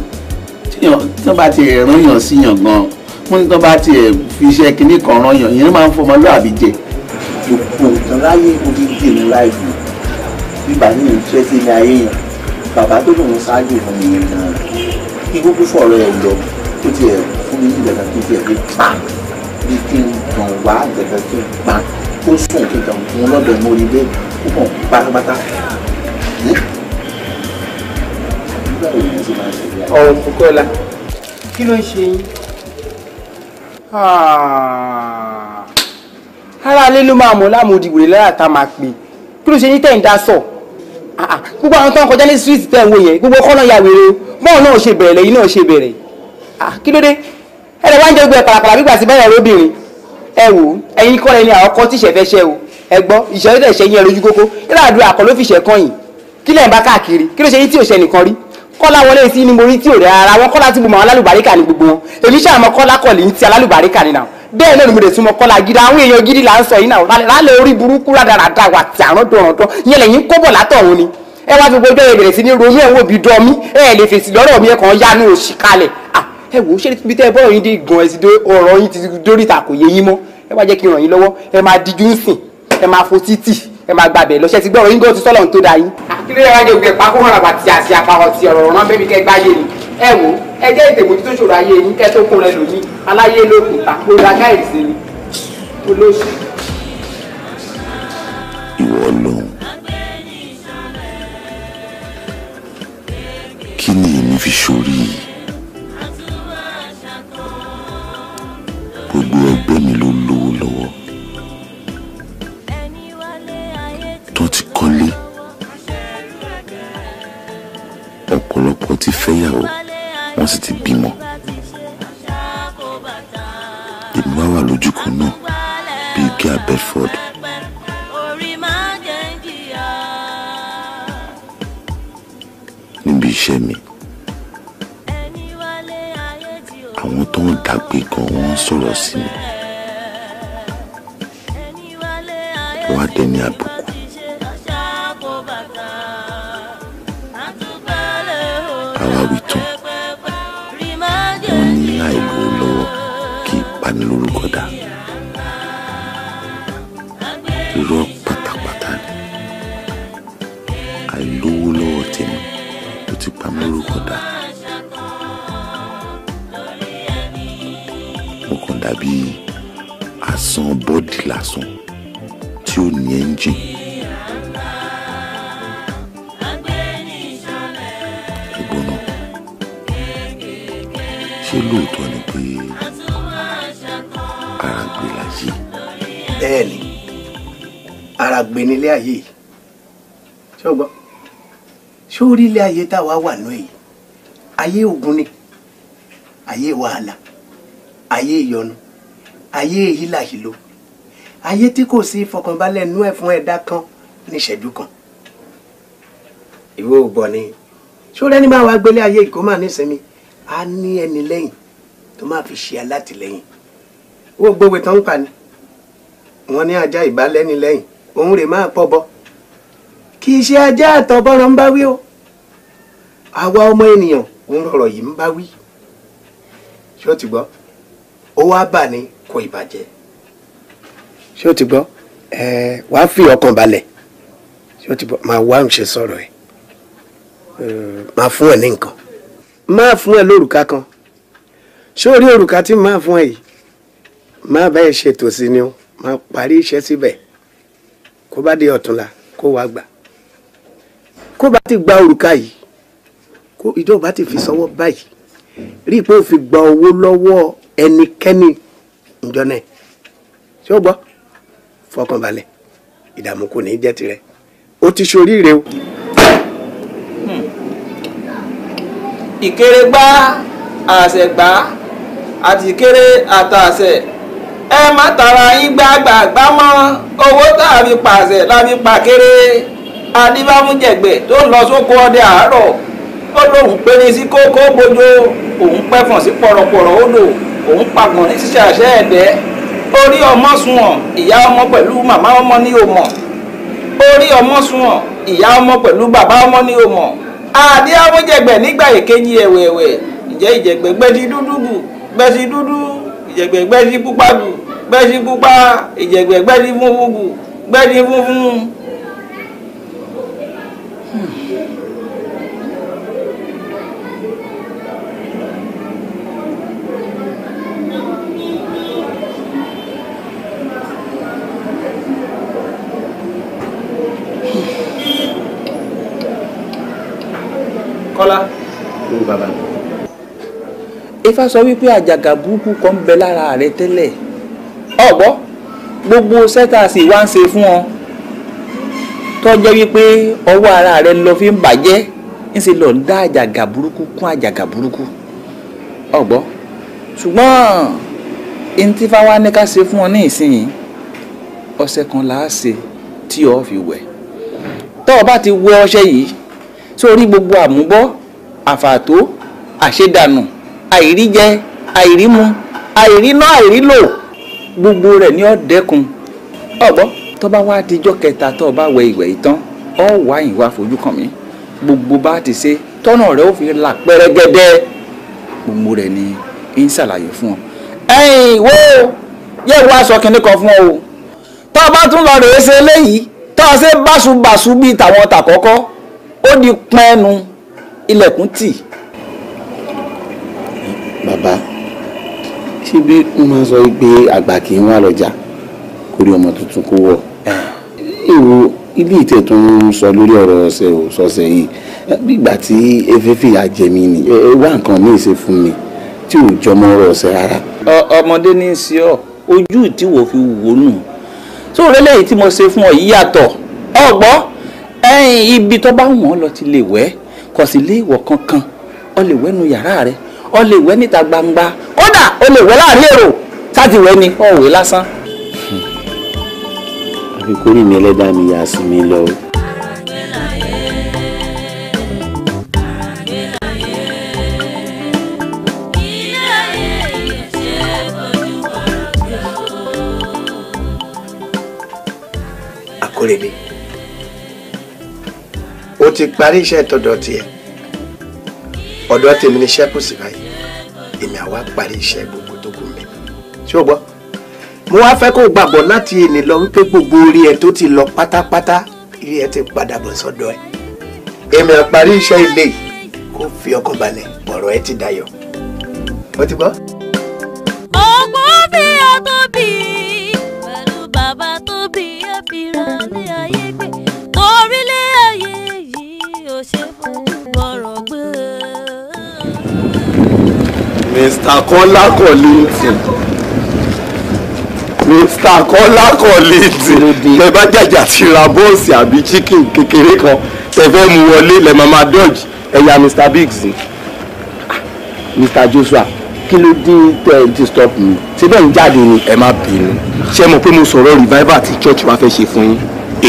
tí wọ́n bá ti rán yàn síyàn gan-an wọ́n ní tí wọ́n bá ti fi iṣẹ́ kinní kan rán yàn yẹn máa ń fọmọlúwàbí jẹ. ìkòkò láyé odidi ìlú láìpẹ́ bíbá ní ìfẹ́ sí ilé ayé yẹn bàbá tó lòun ṣáájú ìfún mi yẹn gan kí gbogbo sọ̀rọ̀ ẹ̀ lọ ó ti fún mi nígbà kan kí fi pa bí kí n kàn wá àgbẹ̀fẹ́ kí n pa ó sùn kí n kàn fún lọ́dọ̀ mo rí bẹ́ẹ̀ ó kàn pátápátá. ọ̀rọ̀ Bùkọ́lá kí ló ń ṣe yín? Ah. aráalé ló máa mọ̀ láàmú òdìgbò lára tá a máa pè kí ló ṣe yín tẹ̀ ń dá sọ̀? Ah, ah. gbogbo àwọn tó ń kọjá ní street tẹ̀ ń wò yẹn gbogbo kọ́nà ya wèrè bọ́ọ̀ náà ṣe bẹ̀rẹ̀ lẹ́yìn náà ṣe bẹ̀rẹ̀ ah, kí ló dé ẹ lè wá ń jẹ gbogbo ẹ̀ pàlàpàlà gbígbà sí bẹ́ẹ̀ lóbìnrin ẹ wò ẹ̀yin kọ́ ẹni àwọn kọ́ tíṣẹ̀ fẹ́ ṣẹ́ o ẹ gbọ́ ìṣẹ́ tẹ̀ ṣẹ́ yín ẹ lójú kókó yàrá àdúrà kọ́ ló fìṣẹ́ kan yìí kí lẹ́yìn bá káàkiri kí ló ṣe yín tí ò ṣe nìkan rí kọ́lá wọlé sí ni mo rí tí ò rẹ̀ ara wọn kọ́lá tí mo mọ alálùbáríkà ni gbogbo wọn èmi ṣàmọ́ kọ́lá kọ̀lì ń ti alálùbáríkà ni náà bẹ́ẹ̀ náà ni mo lè súnmọ́ Kọ́lá gidi àwọn èèyàn gidi là ń sọ yìí náà lálẹ́ orí burúkú rádaràda wà tí àrùn dọ̀rọ̀dọ̀ yẹn lẹ́yìn kọ́bọ̀ látọ̀hún ni ẹ wá fi gbogbo ẹ bẹ̀rẹ̀ sí ní ronú ẹ̀ wò bí dọ́mí ẹ lè fèsì lọ́rọ̀ mi ẹ kàn yánú òṣì kalẹ̀ ẹ wò ó ṣe bí tẹ́ ẹ bọ́ọ̀ yín dé gan ẹ sì dé ọ̀rọ̀ yín ti dórí ta kò yé yín mọ́ ẹ wá jẹ́ kí n ràn yín lọ́wọ́ ẹ máa dijú ń sìn ẹ máa fo títì ẹ máa gbàbẹ̀ lọ́sẹ̀ ti gbọ́rọ̀ yín gan ti sọ́lọ́run tó da yín. àkílẹ̀ ẹ̀ wá jẹ́ òkè pàkó hàn àbàtì àti àpahàn ti ọ̀rọ̀ rán bẹ́ẹ̀ bí kẹ́ gbáyé ni ẹ wò ó ẹ jẹ́ ìtẹ̀mójútó ṣòro ayé yín kẹ́ tó kún rẹ lòní aláyé lókùúta gbogbo agáìsí ni olóṣù. ìwọ Ọlọ́run kí ni èmi fi ṣorí gbogbo ẹgbẹ́ mi ló lówó lọ́wọ́ tó ti kọ́lé ọ̀pọ̀lọpọ̀ ti fẹ́yàwó wọ́n sì ti bímọ èmi wá wà lójúkọ náà bíi gíà Bedford. níbi iṣẹ́ mi àwọn tó ń dàgbé gan wọ́n ń sọ̀rọ̀ sí mi wọ́n á dẹni àbùkù. àwa wí tán. abanilórúkọ dà irọ́ pátápátá ni àìlówó lọ́wọ́ tèmi ló ti pa mí lórúkọ dà mo kàn dàbí asán bọ́dì lásán tí ó ní ẹ́ńjìn. ṣé lóòótọ́ ni bẹ́ẹ̀ ni ara gbé nílé ayé yìí ṣé o gbọ́ ṣé o rí ilé ayé táwa wà nù èyí ayé ogun ni ayé wàhálà ayé ìyọnu ayé ìhílàhílo ayé tí kò sí ìfọkànbalẹ̀ nú ẹ̀ fún ẹ̀dá kan ní kan ìwé ògbọ̀n ni ṣó rẹ́ni máa wá gbélé ayé ìkó máa nísinmi á ní ẹni lẹ́yìn tó máa fi ṣe alátìlẹ́yìn owó gbówó tán ń pa ni wọ́n ní ajá ìbálẹ́ni lẹ́yìn òun rè máa pọ̀ bọ́ kì í ṣe ajá àtọ̀bọ̀rọ̀ ń bá wí o àwa ọmọ ènìyàn òun rọ̀rọ̀ yìí ń bá wí ṣé o ti gbọ́ ó wá bà ní kò ìbàjẹ́ ṣé o ti gbọ́ ẹ wàá fi ọkàn balẹ̀ ṣé o ti gbọ́ máa wá ṣe sọ̀rọ̀ ẹ máa fún ẹ ní nǹkan máa fún ẹ lórúkà kan ṣé o rí òrùka tí máa fún ẹ yìí máa bá ẹ ṣètò sí ni o máa parí iṣẹ́ síbẹ̀ kó bá dé ọ̀túnla kó wàá gbà kó bá ti gba òrùka yìí kó ìjọba ti fi sọwọ́ báyìí rí i pé ó fi gba owó lọ́wọ́ ẹnikẹ́ni ǹjọ́ ṣé o gbọ́ fọkànbalẹ̀ ìdààmú kò ní í jẹ́ tirẹ̀ ó ti ṣoríire o. Hmm. ìkéré gbá àṣẹ gbá àti ìkéré àtàṣẹ ẹ má tara yín gbàgbàgbà mọ́ owó tá a fi pàṣẹ la fi pa kéré adébáfúnjẹ̀gbẹ̀ tó lọ sóko ọdẹ àárọ̀ ó lóun pé ní sí kókó gbójó òun pẹ́fọ̀n sí pọ̀rọ̀pọ̀rọ̀ odò òun pàgàn ní ṣíṣàṣẹ ẹ̀dẹ́ orí ọmọ sunwọ̀n ìyá ọmọ pẹ̀lú màmá ọmọ ní o mọ̀ orí ọmọ sunwọ̀n ìyá ọmọ pẹ̀lú bàbá ọmọ ní o mọ̀ adébáfúnjẹ̀gbẹ̀ nígbà èkejì ẹ̀wẹ̀ẹ̀wẹ̀ ǹjẹ́ ìjẹ̀gbẹ̀ gbẹ́sí dúdú bẹ́sí dúdú ìjẹ̀gbẹ̀gbẹ́ sí pupa dù gbẹ́ sí pupa ìjẹ̀gbẹ̀gbẹ́ sí funfun bù gbẹ́ sí funfun. Kọ́lá. Ó bàbá mi ifá sọ wípé àjàgà burúkú kan ń bẹ lára rẹ tẹ́lẹ̀ ọ̀gbọ́ gbogbo sẹ́tà sì wá ń ṣe fún ọ tọ́jẹ́ wípé ọwọ́ ara rẹ lọ fi ń bàjẹ́ ń ṣe lọ ń dá àjàgà burúkú kún àjàgà burúkú ọ̀gbọ́ ṣùgbọ́n ntí fáwa ní ká ṣe fún ọ ní ìsinyìí ọṣẹ kan là á ṣe tí o fi wẹ̀ tọ́ ọ bá ti wọ ọṣẹ yìí sórí gbogbo àmúbọ́ àfàtó àṣedànù àìríjẹ àìrímu àìríná àìrílò gbogbo rẹ̀ ni ó dẹ́kun ọ̀gbọ́ tó bá wá dijọ́ kẹta tó bá wẹ ìwẹ̀ ìtàn ọ̀ wá ìwà fojú kàn mí gbogbo bá ti ṣe tọ́nà rẹ̀ ó fi là pẹ́rẹ́gẹ́dẹ́ gbogbo rẹ̀ ni ń ṣàlàyé fún ọ. ẹ̀yin ìwọ yẹ wá aṣọ kìnní kan fún ọ o tó o bá tún lọ rèé ṣe eléyìí tó o ṣe báṣubàṣu bíi tàwọn tàkọ́kọ́ ó di pẹ́ẹ́nu ilẹ̀kùn tì bàbá ṣé bí wọ́n máa sọ pé àgbà kì í wá lọ́jà kó rí ọmọ tuntun kó wọ̀ èwo ilé ìtẹ̀tún ń sọ lórí ọ̀rọ̀ ọ̀sẹ̀ ò sọ̀sẹ̀ yìí gbígbà tí eféfé àjẹmí ni ẹ wá nǹkan míì ṣe fún mi tí ò jọmọ ọ̀rọ̀ ọ̀sẹ̀ rárá. ọmọdé ní í ṣe ọ ojú tí fi wò nù tó rẹ tí mo ṣe fún ọ yìí yàtọ̀ ọgbọ ẹ̀yìn ibi tó bá wọn lọ ti lè wẹ̀ kò sí léèwọ̀ kankan ọ lè wẹ̀ nu yàrá rẹ̀ ọ lè wẹ̀ níta gbangba kódà o lè wẹ̀ láàrin èrò káàtì wẹ̀ ni ọ̀ wẹ̀ lásán. àfikún mi ẹlẹ́dàá mi yà sí mi lọ. akórèlé o ti parí iṣẹ́ tọ̀dọ̀ tiẹ̀ ọ̀dọ̀ tèmi ni ṣẹ́kù sí báyìí èmi àwa parí iṣẹ́ gbogbo tó kù mi ṣé o gbọ́ mo wá fẹ́ kó gbàgbọ́ láti ènì lọ wípé gbogbo orí ẹ tó ti lọ pátápátá ilé ẹ ti padà bọ̀ sọ́dọ̀ ẹ èmi àparí iṣẹ́ ilé yìí kó fi ọkàn balẹ̀ ọ̀rọ̀ ẹ ti dayọ̀ ó ti gbọ́. ògùn bí ọtún bí mr kọ́lá kọ́lẹ́tì mr kọ́lá kọ́lẹ́tì tẹ bá jàjà ti ra bọ́ọ̀sì àbí chicken kékeré kan tẹ fẹ́ mu wọlé lẹ mama dodge ẹ̀yà mr biggs mr joshua kí ló dé tẹ ẹ ti stop me ṣé bẹ́ẹ̀ ń jáde ni ẹ má bínú ṣé mo pé mo sọ̀rọ̀ revival tí church wa fẹ́ ṣe fún yín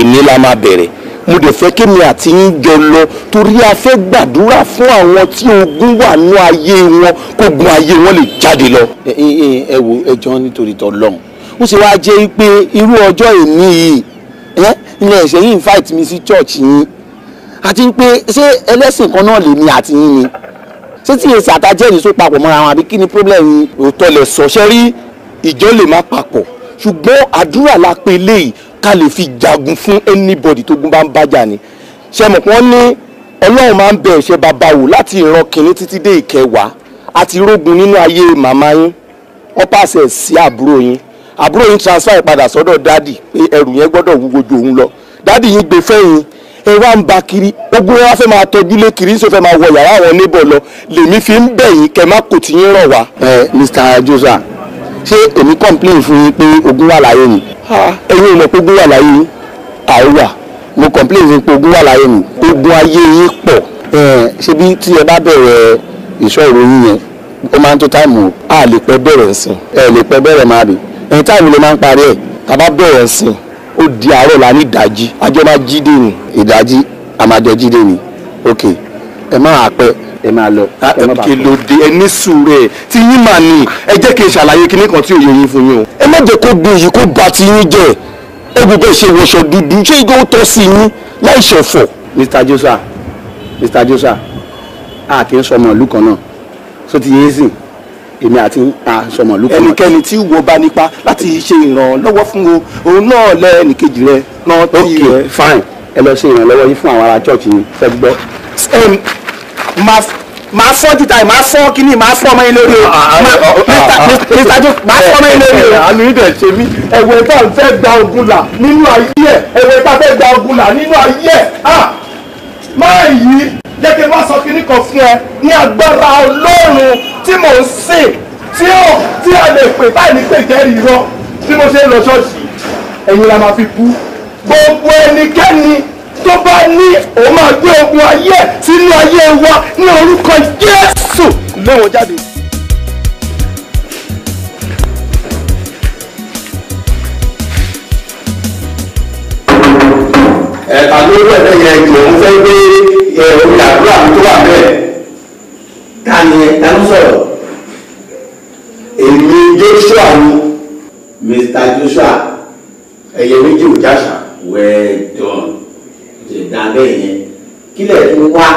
èmi la máa bẹ̀rẹ̀ mo dẹ̀ fẹ́ kémi àti yín jọ lọ torí a fẹ́ gbàdúrà fún àwọn tí ogun wà nú ayé wọn kógun ayé wọn lè jáde lọ. ẹ wo ẹjọ́ nítorí tọ́lọ́hún ó sì wáá jẹ́ pé irú ọjọ́ èmi yìí ilé ẹ̀ṣẹ̀ yìí ń fight mi sí church yín àti pé ṣé ẹlẹ́sìn kan náà lèmi àti yín ni ṣé tí èsì àtàjẹ́rìí só papọ̀ mọ́ra wọn àbí kí ni problem yín. òótọ́ lẹ sọ ṣe rí ìjọ lè má papọ̀ ṣùgbọ́n àdúrà la pe eléyìí ká lè fi jagun fún anybody tó gún bá ń bájà ni ṣe mọ̀ pé ní ọlọ́run máa ń bẹ ẹ̀ṣẹ̀ bàbá wò láti ìran títí dé ìkẹwàá àti rógun nínú ayé màmá yín wọ́n pàṣẹ sí àbúrò yín àbúrò yín transfer padà sọ́dọ̀ dádì pé ẹrù yẹn gbọ́dọ̀ wúwo ju òun lọ dádì yín gbé fẹ́yìn ẹ wá ń ba kiri ogun wa fẹ́ máa tọ́jú lé kiri sọ fẹ́ máa wọ yàrá àwọn níbọ̀ lọ lèmi fi ń bẹ̀ yín kẹ́ má kò tí yín rọ̀ wá. ẹ Mr. Joshua ṣé èmi complain fún yín pé ogun wà láyé ni. ẹ̀yin ò mọ̀ pé ogun wà láyé yín àwa mo complain fún yín pé ogun wà láyé ni ogun ayé yín pọ̀ ṣebí tí ẹ bá bẹ̀rẹ̀ ìṣọ́ ìròyìn yẹn ó máa ń tó táìmù a lè pẹ́ bẹ̀rẹ̀ ẹ̀sìn ẹ lè pẹ́ bẹ̀rẹ̀ máa bì ẹ̀yìn táìmù ló máa ń parí ẹ̀ tá a bá bẹ̀rẹ̀ ẹ̀sìn ó di àárọ̀ la ní ìdájí àjọ máa jí dé ni ìdájí àmàjọ jí dé ni ok ẹ máa pẹ́ ẹ máa lọ. kí ló dé ẹ ní sùúrù ẹ tí yín máa ní ẹ jẹ́ kí n ṣàlàyé kinní kan tí òye yín fún yín o. ẹ má jẹ́ kó gbin yìí kó bà ti yín jẹ́ ẹ gbogbo ṣe wọṣọ dúdú ṣé yóò tọ́ sí yín láì ṣọ̀fọ̀. Mr. Joshua Mr. Joshua a ah, kì í sọmọ ìlú kan náà so ti yé sìn èmi àti àsọmọ ìlú kan náà. ẹnikẹ́ni tí wọ́n bá nípa láti ṣe ìrànlọ́wọ́ fún o òun náà lẹ ẹnìkejì rẹ náà tí rẹ. ok fine ẹ lọ ṣe ìrànlọ́wọ́ yìí fún àwọn ará church yìí fẹ́ gbọ́. màá fọ́ títà yìí màá fọ́ kínní màá fọ́ ọmọ yín lórí o ah, ah, mr joe màá fọ́ ọmọ yín lórí o. àánú ìdẹ̀ ṣe mí ẹ̀wẹ̀ tá a fẹ́ gba ogun nínú ayé ẹ̀ ẹ̀wẹ̀ tá a fẹ́ gba ogun nínú ayé ẹ̀ máa yí lẹ́kẹ̀ẹ́ bá sọ kínní kan fún ẹ ní agbára ọlọ́run tí mò ń sìn tí ó tí a lè pè báyìí ní pè jẹ́ irọ́ tí mo ṣe ń lọ ṣọ́ọ̀ṣì ẹ̀yin la máa fi bú gbogbo ẹnikẹ́ni tó bá ní òun máa gbé ogun ayé sínú ayé wa ní orúkọ Jésù lé wọn jáde. ẹ̀ka ló wẹ̀ lẹ́yìn ẹ̀jọ̀ ń fẹ́ gbé ẹ orí àdúrà mi tó wà bẹ́ẹ̀ ta ni ẹ ta ló sọ̀rọ̀ èmi Joshua ni Mr Joshua ẹ̀yẹ méjì ò jáṣà well done ṣe dá bẹ́ẹ̀ yẹn kílẹ̀ tó wá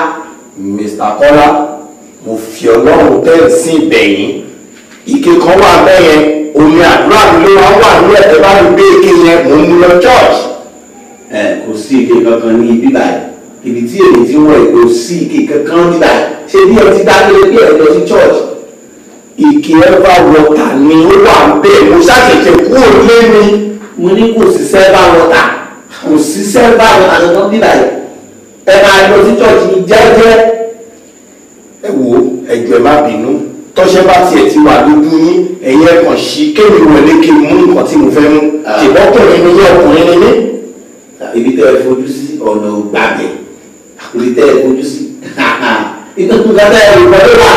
Mr Kọ́lá mo fi ọlọ́run tẹ́ sí ìbẹ̀yìn ike kan wà bẹ́ẹ̀ yẹn omi àdúrà mi ló máa ń wà nílẹ̀ tẹ́ bá mi gbé ike yẹn mò ń lọ church ẹ kò sí ike kankan ní bíbáyìí ìdí tí èmi ti wọ̀ èkó sí ike kankan dídà ṣé bí ẹ ti dájú bí ẹ lọ sí church ike ẹ̀fà wọ̀tà ni ó wà ń bẹ̀ mo ṣàṣẹ̀ṣẹ̀ kú òlé mi mo ní kò sí sẹ́fà wọ̀tà kò sí sẹ́fà wọ̀tà kankan dídà yìí ẹ máa lọ sí church yìí jẹ́jẹ́ ẹ wò ẹ̀jọ̀ ẹ má bínú tọ́ṣẹ́ bá tiẹ̀ ti wà lójú yín ẹ̀yin ẹ̀kàn sí kéwì wọlé kí n mú nǹkan tí mo fẹ́ mú ah. ṣèbọ́kùnrin ni yẹ ọkùnrin ni ibi tẹ́ ẹ fojú sí ọ̀nà ògbàgbẹ́ torí tẹ́ ẹ̀ fojú sí ìtọ́jú kátà ẹ̀rù pẹ̀lú wa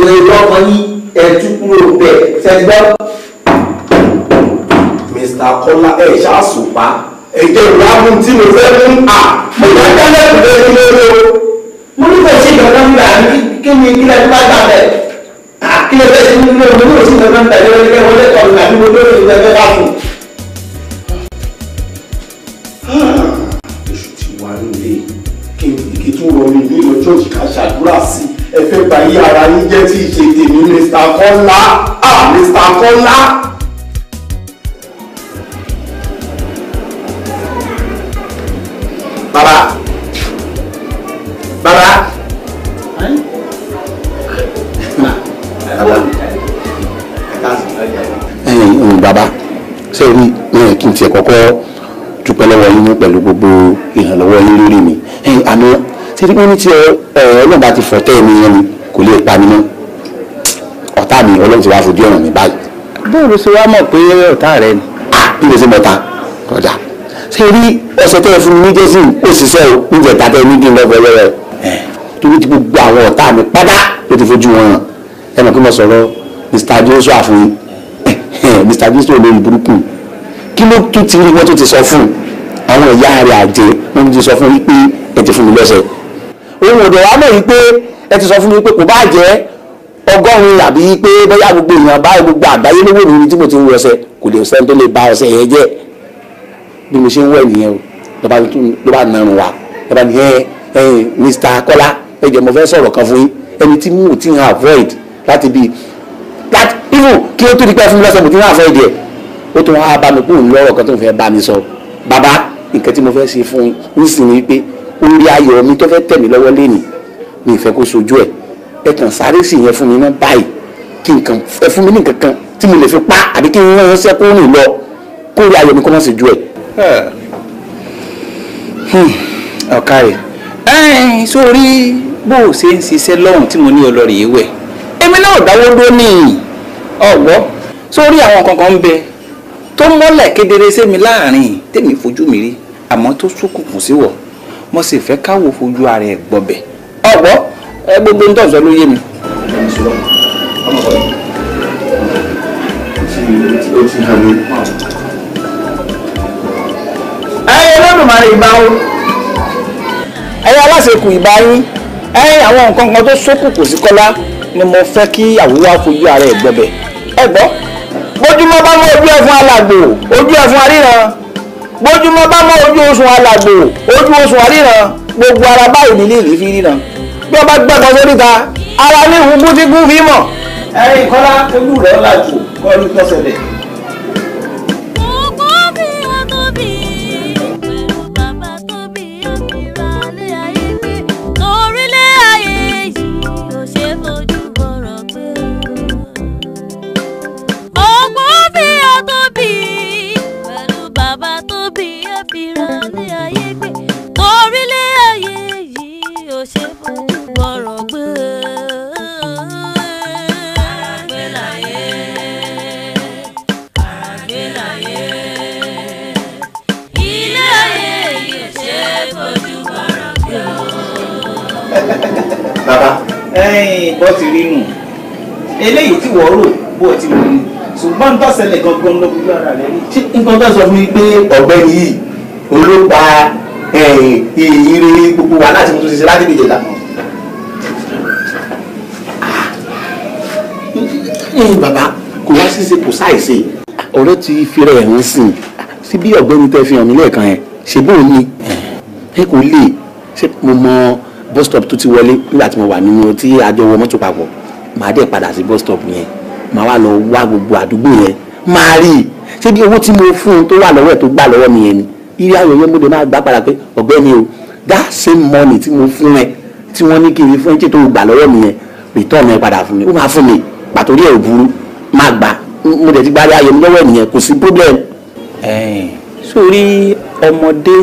ìrìn ọkàn yín ẹ̀tú kúrò bẹ̀ sẹ́gbọ́. Mr. Kọ́lá ẹ̀ ṣàṣùpá ẹ̀jẹ̀ ìwádìí tí mo fẹ́ mú à mo bá dálẹ̀ ìgbẹ́ ní lórí o. mo ní kò sí ìdọ̀gá nígbà kí ni kí lẹ́nu bá gbà bẹ̀ kí lẹ́nu bẹ́ẹ̀ sí ní lórí o mo ní kò sí ìdọ̀gá nígbà kí lẹ́nu bẹ́ẹ̀ wọlé tọ̀ nígbà kí mo lórí ìdọ̀gá bá fún un. ní ìlọ church ká ṣàdúrà sí ẹ fẹ́ gba yí ara yín jẹ́ tí ìṣe tèmi Mr. Kọ́lá ah Mr. Kọ́lá. bàbá bàbá. bàbá ṣé rí kí n tiẹ̀ kọ́kọ́ dúpẹ́ lọ́wọ́ yín pẹ̀lú gbogbo ìrànlọ́wọ́ yín lórí mi ṣe rí pé ní ti ọlọ́run bá ti fọ̀ tẹ́ mi yẹn ni kò lè pa mi mọ́ ọ̀tá mi ọlọ́run ti wá fojú ọ̀ràn mi báyìí. bóòlù ṣe wá mọ̀ pé ọ̀tá rẹ ni. bí mo ṣe mọ̀ ta kọjá ṣe rí ọ̀sẹ̀ tẹ́ ẹ fún mi ní jésù ó ṣiṣẹ́ o oúnjẹ tàbí ẹni kí n lọ́ọ́ fọwọ́ rẹ torí ti gbogbo àwọn ọ̀tá mi pátá ló ti fojú wọn hàn ẹ mọ̀ kí mo sọ̀rọ̀ Mr. Joshua fún yín Mr. Joshua olórí burúkú kí ló tún ti rí wọn tó ti sọ fún àwọn ìyá rẹ̀ àjẹ́ wọn ti sọ fún yín pé ẹ ti fún mi lọ́sẹ̀ òun ò dẹ̀ wá mọ̀ yìí pé ẹ ti sọ fún mi pé kò bá jẹ́ ọgọ́rùn-ún àbí pé bóyá gbogbo èèyàn báyìí gbogbo àgbáyé ló wò lórí tí mo ti ń wọ ọṣẹ kò lè sẹ́ni tó lè ba ọṣẹ yẹn jẹ́ bí mo ṣe ń wọ ẹ̀nìyẹn o ló bá nàrùn wa ló bá ní ẹ ẹ Mr. Kọ́lá ẹ jẹ́ mo fẹ́ sọ̀rọ̀ kan fún yín ẹni tí mo ti ń avoid láti bíi láti even kí ó tó di pẹ́ fún mi lọ́sẹ̀ mo ti ń avoid ẹ̀ ó tún wá bá mi kú lọ́rọ̀ kan tó ń fẹ́ bá mi sọ bàbá nǹkan tí mo fẹ́ ṣe fún yín nísìnyí pé orí ayọ̀ mi tó fẹ́ tẹ̀ mí lọ́wọ́ lẹ́nu mi ìfẹ́ kó sojú ẹ̀ ẹ kàn sáré sí yẹn fún mi ná báyìí kí nǹkan ẹ fún mi ní nǹkan kan tí mo lè fi pa àbí kí n ránṣẹ́ kó rìn lọ kó orí ayọ̀ mi kó má sì ju ẹ̀. Hmm. Hmm. ọ̀ka rẹ̀ sórí bó o ṣe ń ṣiṣẹ́ lọ́hùn tí mo ní ọlọ́rìí yìí wẹ̀ èmi náà dáwọ́ dó nìyí ọ̀gbọ́ sórí àwọn kankan ń bẹ tó mọ́lẹ̀ kedere sí láàrin tèmi fojú mi rí àmọ́ tó ṣókùnkùn sí wọ̀ mo sì fẹ́ káwọ́ fojú ara ẹ̀ gbọ́bẹ̀ ọ̀pọ̀ ẹ gbogbo ń tọ̀sọ́ ló yé mi. ẹ̀yin olódùmarè ìbá o ẹ̀yin aláṣekù ìbá yín ẹ̀yin àwọn nǹkan kan tó ṣókùnkù sí kọ́lá ni mo fẹ́ kí àwùwá fojú ara ẹ̀ gbọ́bẹ̀ ẹ gbọ́ bójúmọ́ bá mú ojú ẹ̀ fún alàgbò ojú ẹ̀ fún aríran bójúmọ́ bá mọ́ ojú oṣù alàgbò ojú oṣù àríran gbogbo ara báyìí nílé ìlú fi ríran bí ọba gbẹ́gbọ́ sórí ta ara ní ìhun gúdígún fi mọ̀. ẹ̀rín kọ́lá ojú rẹ̀ ọ̀làjù kọ́ tọ́sẹ̀lẹ̀. wọ́n rò bó ti wọ́n ni ṣùgbọ́n tó ṣẹlẹ̀ gangan ló gbogbo ara rẹ̀ rí. ṣé nǹkan tó sọ fún mi pé ọ̀gbẹ́ni yìí olópa ìrírí gbogbo wa láti tuntun ṣiṣẹ́ láti gbèjẹ̀dá. Ah, bàbá kò wá ṣíṣe kò ṣàìṣe. ọ̀rẹ́ ti fi rẹ̀ hàn sí i sí bí ọ̀gbẹ́ni tẹ́ fi hàn mí lẹ́ẹ̀kan yẹn ṣe bóun ni eh. ẹ kò lè ṣe mo mọ bus stop tó ti wọlé nígbà tí mo wà nínú tí a jọ wọ mọ́tò papọ̀ màá dẹ̀ padà sí bus stop yẹn màá wá lọ wá gbogbo àdúgbò yẹn máa rí i ṣé bí owó tí mo fún un tó wà lọ́wọ́ ẹ̀ tó gbà lọ́wọ́ mi yẹn ni ilé ayọ̀ yẹn mo dẹ̀ máa gbà padà pé ọ̀gbẹ́ni o that same money tí mo fún ẹ tí wọ́n ní kí n fún ẹ tó gbà lọ́wọ́ mi yẹn return ẹ padà fún mi ó máa fún mi pàtó rí ẹ ò burú máa gbà mo dẹ̀ ti gba ayọ̀ mi lọ́wọ́ ènìyàn kò sí problem. sórí ọmọdé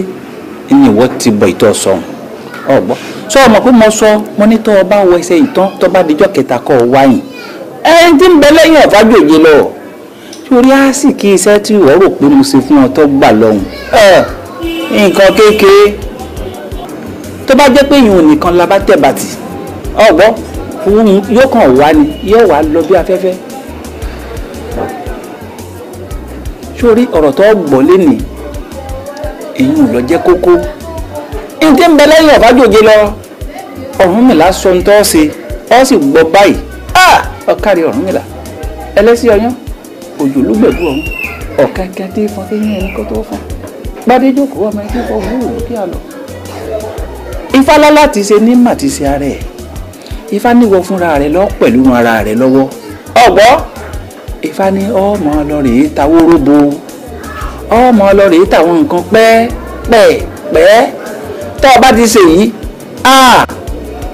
ni ìwọ ti bọ ìtọ́ sọ̀hún ọ̀gbọ́n sọ ọmọ pé mo sọ mo ní tọ́ ọ bá wọ ẹsẹ̀ ìtàn tọ́ bá dijọ́ kẹta kọ́ ọ wáyìn ẹ ẹ ti ń bẹ lẹ́yìn ọ̀fájòyè lọ torí á sì kí iṣẹ́ tí ìwọ rò pé mo ṣe fún ọ tó gbà lọ́hùn ẹ nǹkan kékeré tó bá jẹ́ pé ìhun nìkan la bá tẹ̀ bàtì ọ̀gbọ́ yóò kàn wá ni yóò wá lọ bí afẹ́fẹ́ sórí ọ̀rọ̀ tó gbọ́ lénìí èyí ò lọ jẹ́ kókó ní ń bẹ lẹ́yìn ọ̀fájòyè lọ. Ọ̀rúnmìlà sọ ní tọ́ ṣe ọ́ sì gbọ́ báyìí ọ̀kárí Ọ̀rúnmìlà ẹlẹ́sìn ọyán òjò ló gbẹ̀dú ọ̀hún ọ̀kẹ́ kẹ́tẹ́ fún kéyìn ẹni kó tó fún gbadé jókòó ọmọ ẹni kó wúrò lókè àlọ́. ifálálá ti ṣe ní màtíṣe ara ẹ̀ ifá níwọ fúnra rẹ̀ lọ pẹ̀lú ara rẹ̀ lọ́wọ́ ọ̀gbọ́ ifá ní ọmọ ọlọ́rẹ̀ tawó róbo ọmọ ọlọ́rẹ̀ tàwọn nǹkan pẹ́ẹ́pẹ́ẹ́pẹ́ tọ́ ọ bá ti ṣèyí ah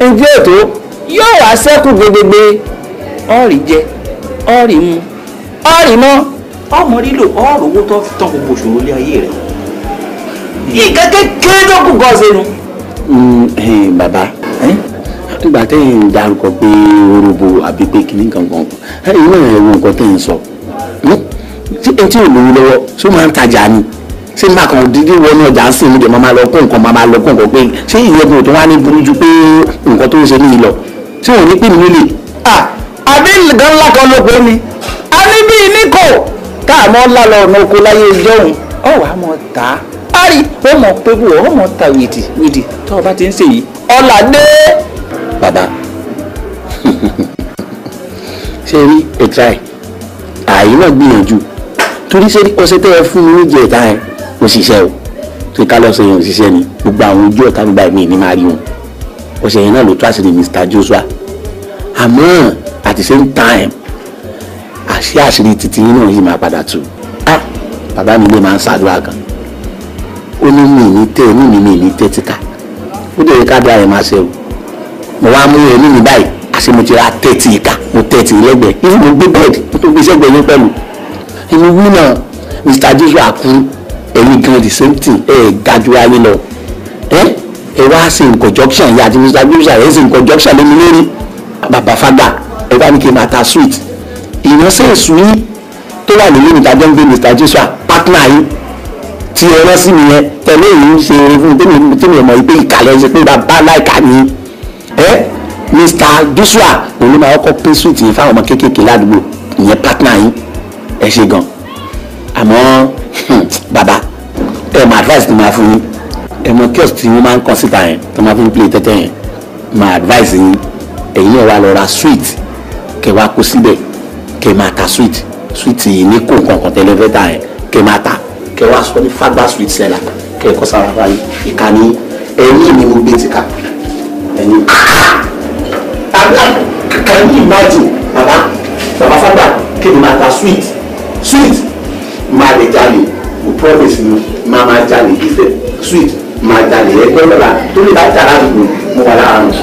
ǹjẹ́ ètò yóò wá sẹ́kù gbegbegbe ọ̀rì jẹ ọ̀rì mu ọ̀rì mọ́ ọmọ lílo ọ̀rọ̀ owó tó fi tán gbogbo òṣòro ilé ayé rẹ̀ ìka kékeré ló kù gan sínú. Mm, eh, bàbá nígbà tẹ́yìn ń darúkọ pé orobo àbí pé kìnnì kankan ẹ̀yin náà ẹ̀ wo nǹkan tẹ́yìn sọ etí ò lówó lọ́wọ́ ṣó máa ń tajà ni ṣé nígbà kan dídí wọnú ọjà ń sìn mí dẹ̀ máa lọ kó nǹkan máa lọ kó nǹkan pé ṣé ìyẹ́gun tó wá ní burú ju pé nǹkan tó ń ṣe níyì lọ ṣé òun ní pè mí lè. àbí nǹkan ńlá kan ló pé mi a ní bí níkò káàmọ́ ńlá lọ ọ̀nà oko láyé ìjọhùn ọ̀ wá mọ̀ tá a rí ó mọ̀ pé wò ó mọ̀ ta wìdì wìdì tó o bá ti ń ṣe yìí ọ̀là dé. bàbá [LAUGHS] ṣe rí ẹ̀ tíráì àyè náà gbìyànjú torí ṣe ọṣẹ tẹ́ ẹ fún mi níjẹ̀ẹ́ta yẹn ó ṣiṣẹ́ o tó ká lọ́sọ̀ yẹn ò ṣiṣẹ́ ni gbogbo àwọn ojú ọ̀tá gbogbo ẹ̀mí ni máa rí wọn ọ̀sẹ̀ yẹn náà ló tó àṣírí Mr Joshua àmọ́ at the same time àṣé àṣírí titi yín náà yìí máa padà tù ah bàbá mi lè máa ń ṣàdúrà gan ó ní mi ní tẹ ní mi ní tẹ títa ó dẹ̀ ká dára ẹ̀ máa ṣe o mo wá mú ẹ̀mí mi báyìí àṣé mo ti ra tẹ́tì ìka mo tẹ́tì lẹ́gbẹ̀ẹ́ inú mo gbé bẹ́ẹ̀dì mo tó gbé sẹ́gbẹ̀ẹ́ yín pẹ̀lú inú wí náà Mr Joshua kú ẹ̀yin gan the same thing ẹ̀ gajú ayé lọ ẹ ẹ wá sí conjunction yà àti mr gbèsè ẹ sí conjunction lẹ́nu lórí bàbá fada ẹ wá ní kí n máa ta sweet ìránṣẹ́ ìsúní tó wà nínú ìdájọ́ ń gbé mr joshua partner yìí tí ẹ rán sí mi yẹn tẹ̀lé yìí ń ṣe fún mi tí mi mọ̀ pé ìkàlẹ̀ ṣe pé bàbá láìka ni ẹ mr joshua òun ló máa kọ́ pé sweet yìí fáwọn ọmọ kéékèèké ládùúgbò ìyẹn partner yìí ẹ ṣe gan àmọ́ hmm, Baba ẹ mọ advice tó máa fún yín ẹ mọ kiosk tí yín máa ń kàn síta yẹn tó máa fún play tẹ́tẹ́ yẹn mọ advice yín ẹ̀yin ẹ̀ wá lọ ra sweet kẹ wá kó síbẹ̀ kẹ máa ta sweet sweet yìí ní kò kankan tẹ́lẹ̀ fẹ́ ta yẹn kẹ máa ta kẹ wá sọ ní fagba sweet seller kẹ kọ́ sára fáyé ìkànnì ẹ̀yìn mi mo gbé ti ká ẹ̀yìn can you imagine baba baba fada kí ni ma ta sweet sweet ma lè jalè promise mi máa máa jalè ìfẹ́ sweet máa jalè ẹgbẹ́ ọ̀la tó lè bá jàrá àdúgbò mo wà lára mi.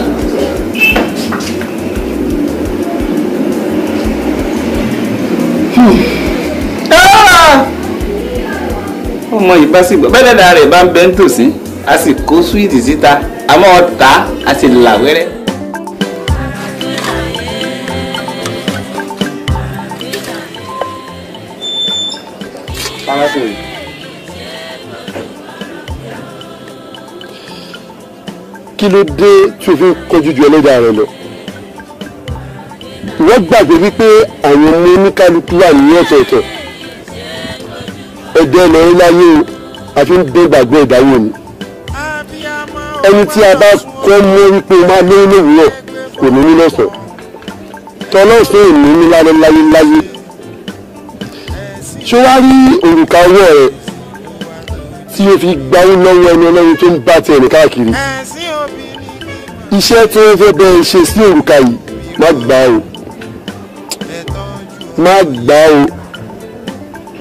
Hmm. Ah! ọmọ yìí bá sì gbọ́ bẹ́ẹ̀ dáadáa rẹ̀ bá ń bẹ́ ń tòsí a sì kó súwìtì síta àmọ́ ọ̀tá a sì là wẹ́rẹ́. Fala com kí ló dé tí o fi kọjú ju ẹlẹ́dàá rẹ lọ wọ́n gbàgbé wípé àwọn ọmọ oníkálukú wà ní ọ̀tọ̀ọ̀tọ̀ ẹ̀dẹ́ ẹ̀nà ńláyé o àfi ń dé gbàgbé ìdáwó ni ẹni tí a bá kọ́ mọ́ wípé o máa lóyún lówùúrọ̀ kò ní ní lọ́sàn-án tọ́lọ́sàn ò ní ní lálẹ́ láyé láyé ṣé wàá rí òrùka ọwọ́ rẹ tí o fi gbáyé lọ́wọ́ ẹni ọlọ́run tó ń bá tiẹ̀ ní iṣẹ́ tí wọ́n fẹ́ bẹ ṣe sí òrùka yìí má gbà o má gbà o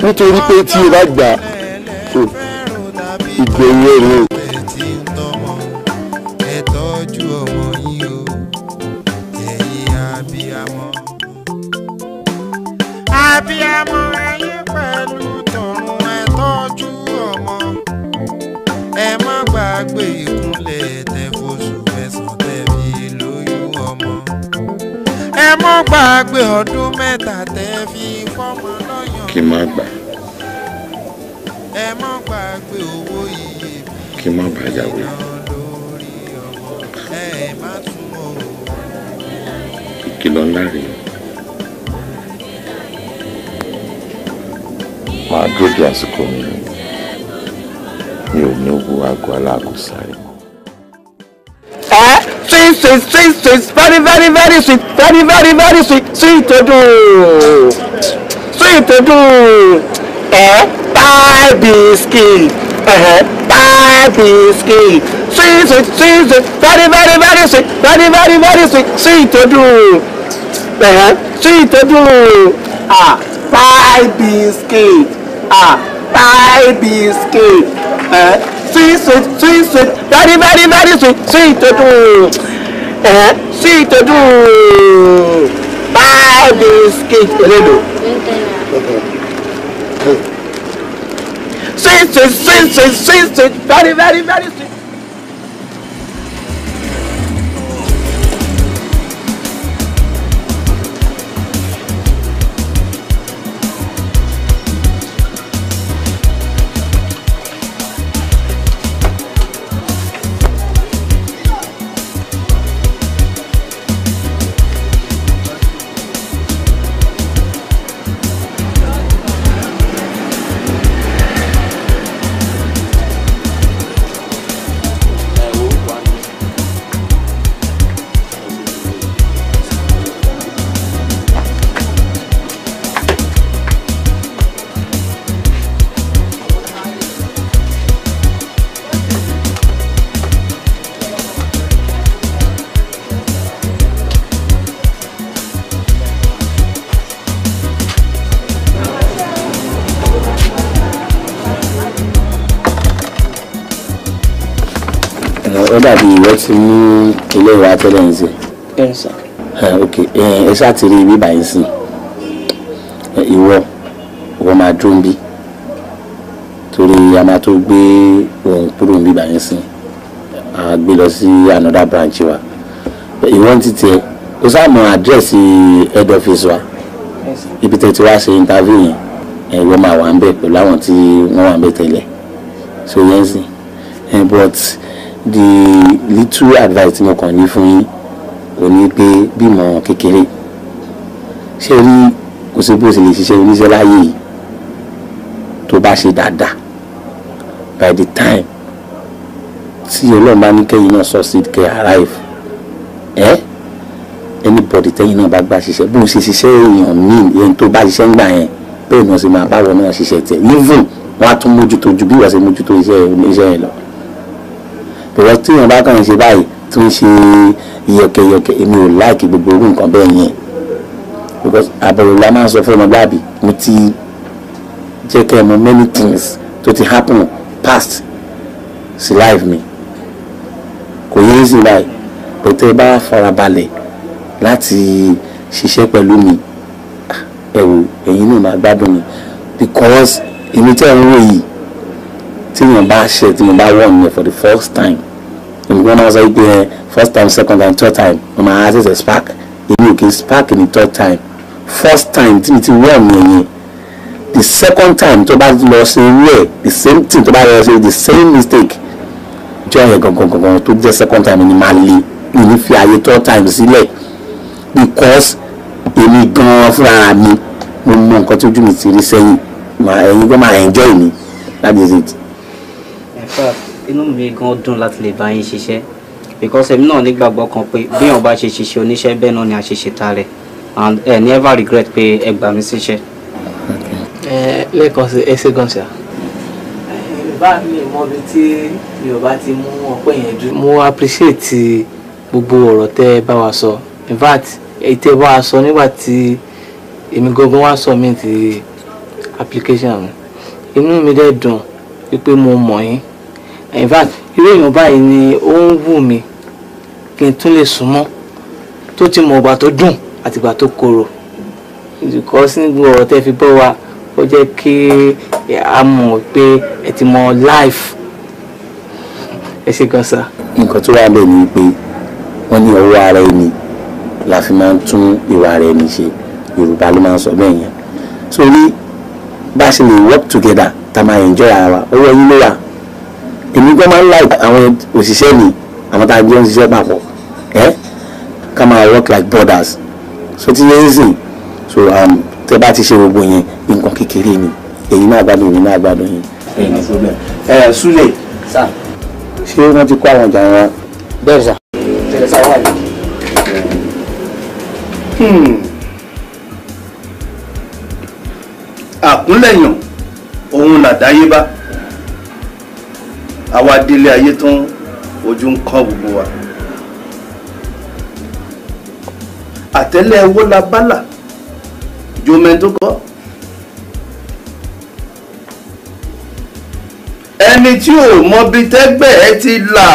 nítorí pé tí o bá gbà ìgbẹ̀yìn ẹ̀ rẹ̀ o. abiyamọ ayé pẹ̀lú. ẹ mọ́ gbàgbé ọdún mẹ́ta tẹ́ fi fọ́mọ lọ́yàn. kí n má gbà. ẹ mọ́ gbàgbé owó iye bí. kí má bàa yàwó. ìkìlọ̀ ńlá rèé. máa dúró di àsìkò mi mi ò ní wo aago aláàgùn sáré. sweet, sweet, sweet, sweet, very, very, very sweet, very, very, very sweet, sweet to do, sweet to do. Eh, buy biscuit, eh, buy biscuit. Sweet, sweet, sweet, sweet, very, very, very sweet, very, very, very sweet, sweet to do, eh, sweet to do. Ah, buy biscuit, ah, buy biscuit, eh. sweet, sweet, sweet, sweet, very, very, very sweet, sweet to do. sí ìtọ́jú báàbí skate elélo sweet sweet sweet sweet sweet very very very sweet. ìwọ ti mú ilé ìwà tẹ́lẹ̀ ń sè. ẹ ok ẹ ṣáà ti rí ibi báyìí sí ìwọ ìwọ máa dúró bí torí a máa tó gbé ohun kúrò ń bí sí a gbé lọ sí another branch wa ìwọ ń títí ẹ o ṣáà mọ àdírẹ́sì head office wa ibi tẹ̀ tí wàá ṣe interview yẹn ìwọ máa wà ń bẹ̀ pẹ̀lú àwọn tí wọ́n wà ń bẹ̀ tẹ́lẹ̀ so yẹn sìn but the little advice tí mo kàn ní fún yín kò ní pé bímọ kékeré ṣé rí kò sí bó ṣe lè ṣiṣẹ́ oníṣẹ́ láyé yìí tó bá ṣe dáadáa by the time tí ọlọ́run bá ní kẹ́yìn náà succeed kẹ́ arrive ẹ́ anybody tẹ́yìn náà bá gbà ṣiṣẹ́ bó ṣe ṣiṣẹ́ èèyàn míì ẹni tó bá ṣiṣẹ́ ń gbà yẹn bẹ́ẹ̀ náà ṣe máa báwọ̀ náà ṣiṣẹ́ tẹ̀ even wọ́n á tún mójútó ju bí wọ́n ṣe mójútó iṣẹ́ yẹn lọ bẹ̀rẹ̀ tí èèyàn bá kàn ń ṣe báyìí tó ń ṣe iyọ̀kẹ̀yọ̀kẹ̀ èmi ò láìkí gbogbo orú nǹkan bẹ́ẹ̀ yẹn because àbẹ̀rẹ̀ la máa ń sọ fún ọmọgbàbí mo ti jẹ́ kẹ́ ẹ mọ many things tó ti happen past sí life mi kò yẹ easy life but tẹ́ bá farabalẹ̀ láti ṣiṣẹ́ pẹ̀lú mi ah, ẹ̀wò ẹ̀yin náà máa gbádùn mi because èmi tẹ́ ń wò tí mo bá ṣe tí mo bá wọ̀ nìyẹn for the first time ìgbọ́n náà sọ pé first time second time third time mo máa ṣẹ̀ṣẹ̀ spark èmi ò kì í spark ní third time first time tí mi ti wọ̀ nìyẹn the second time tó bá lọ ṣe irú ẹ̀ the same thing tó bá lọ ṣe the same mistake jọ yẹn gangan gangan tó jẹ́ second time ni màá le ìní fi ààyè third time sílẹ̀ because èmi gan-an fúnra mi mo mọ nǹkan tójú mi ti rí sẹ́yìn ẹ̀yin gan máa enjoy mi that is it. Eh, inú mi gan dùn láti lè bá yín ṣiṣẹ́ because èmi náà nígbàgbọ́ kan pé bí èèyàn bá ṣe ṣiṣẹ́ oníṣẹ́ bẹ́ẹ̀ náà ni àṣeṣe ta rẹ̀ and ẹ eh, never regret pé ẹ gbà mí síṣẹ́. ẹ eh, lẹ́ẹ̀kan sí ẹ ṣe gan ṣá. bá mi mọ ibi tí yorùbá ti mú ọpẹ́ yẹn dúró. mo appreciate gbogbo ọ̀rọ̀ tẹ́ ẹ bá wa sọ in fact èyí tẹ́ ẹ bá wa sọ nígbà tí èmi gangan wá submit application mi inú mi dẹ̀ dùn wípé mo mọ̀ yín in fact irú èèyàn báyìí ni ó ń wù mí kí n tún lè súnmọ́ tó ti mọ̀ ọ̀gbà tó dùn àti ìgbà tó korò ìdùkọ́ sínú ọ̀rọ̀ tẹ́ fi bọ́ wa ó jẹ́ kí a mọ̀ pé ẹ ti mọ life ẹ ṣe gan sa. nǹkan tó wà bẹ́ẹ̀ ni pé wọ́n ní ọwọ́ ara ẹni la fi máa ń tún ìwà ara ẹni ṣe yorùbá ló máa ń sọ bẹ́ẹ̀ yẹn so ní bá a ṣe lè work together tá a máa enjoy ara wa yín ló wà èmi gan máa ń la àwọn òṣìṣẹ́ mi àwọn tá a jọ ń ṣiṣẹ́ papọ̀ ẹ́ ká máa work like brothers so ti yẹn ń sìn so um, tẹ bá ti ṣe gbogbo yẹn nǹkan kékeré ni èyí náà gbádùn èyí náà gbádùn yẹn. ẹ Sule ṣé wọ́n ti kó àwọn ọjà wọn. bẹ́ẹ̀ sà. bẹ́ẹ̀ sà wà yìí. Hmm. àkúnlẹ̀yàn òun làdáyébá àwa délé ayé tán ojú ń kán gbogbo wa àtẹ́lẹ̀ ẹwọ la bálà jomẹ́ni tó kọ́ ẹni tí ò mọbi tẹ́gbẹ́ ẹ ti là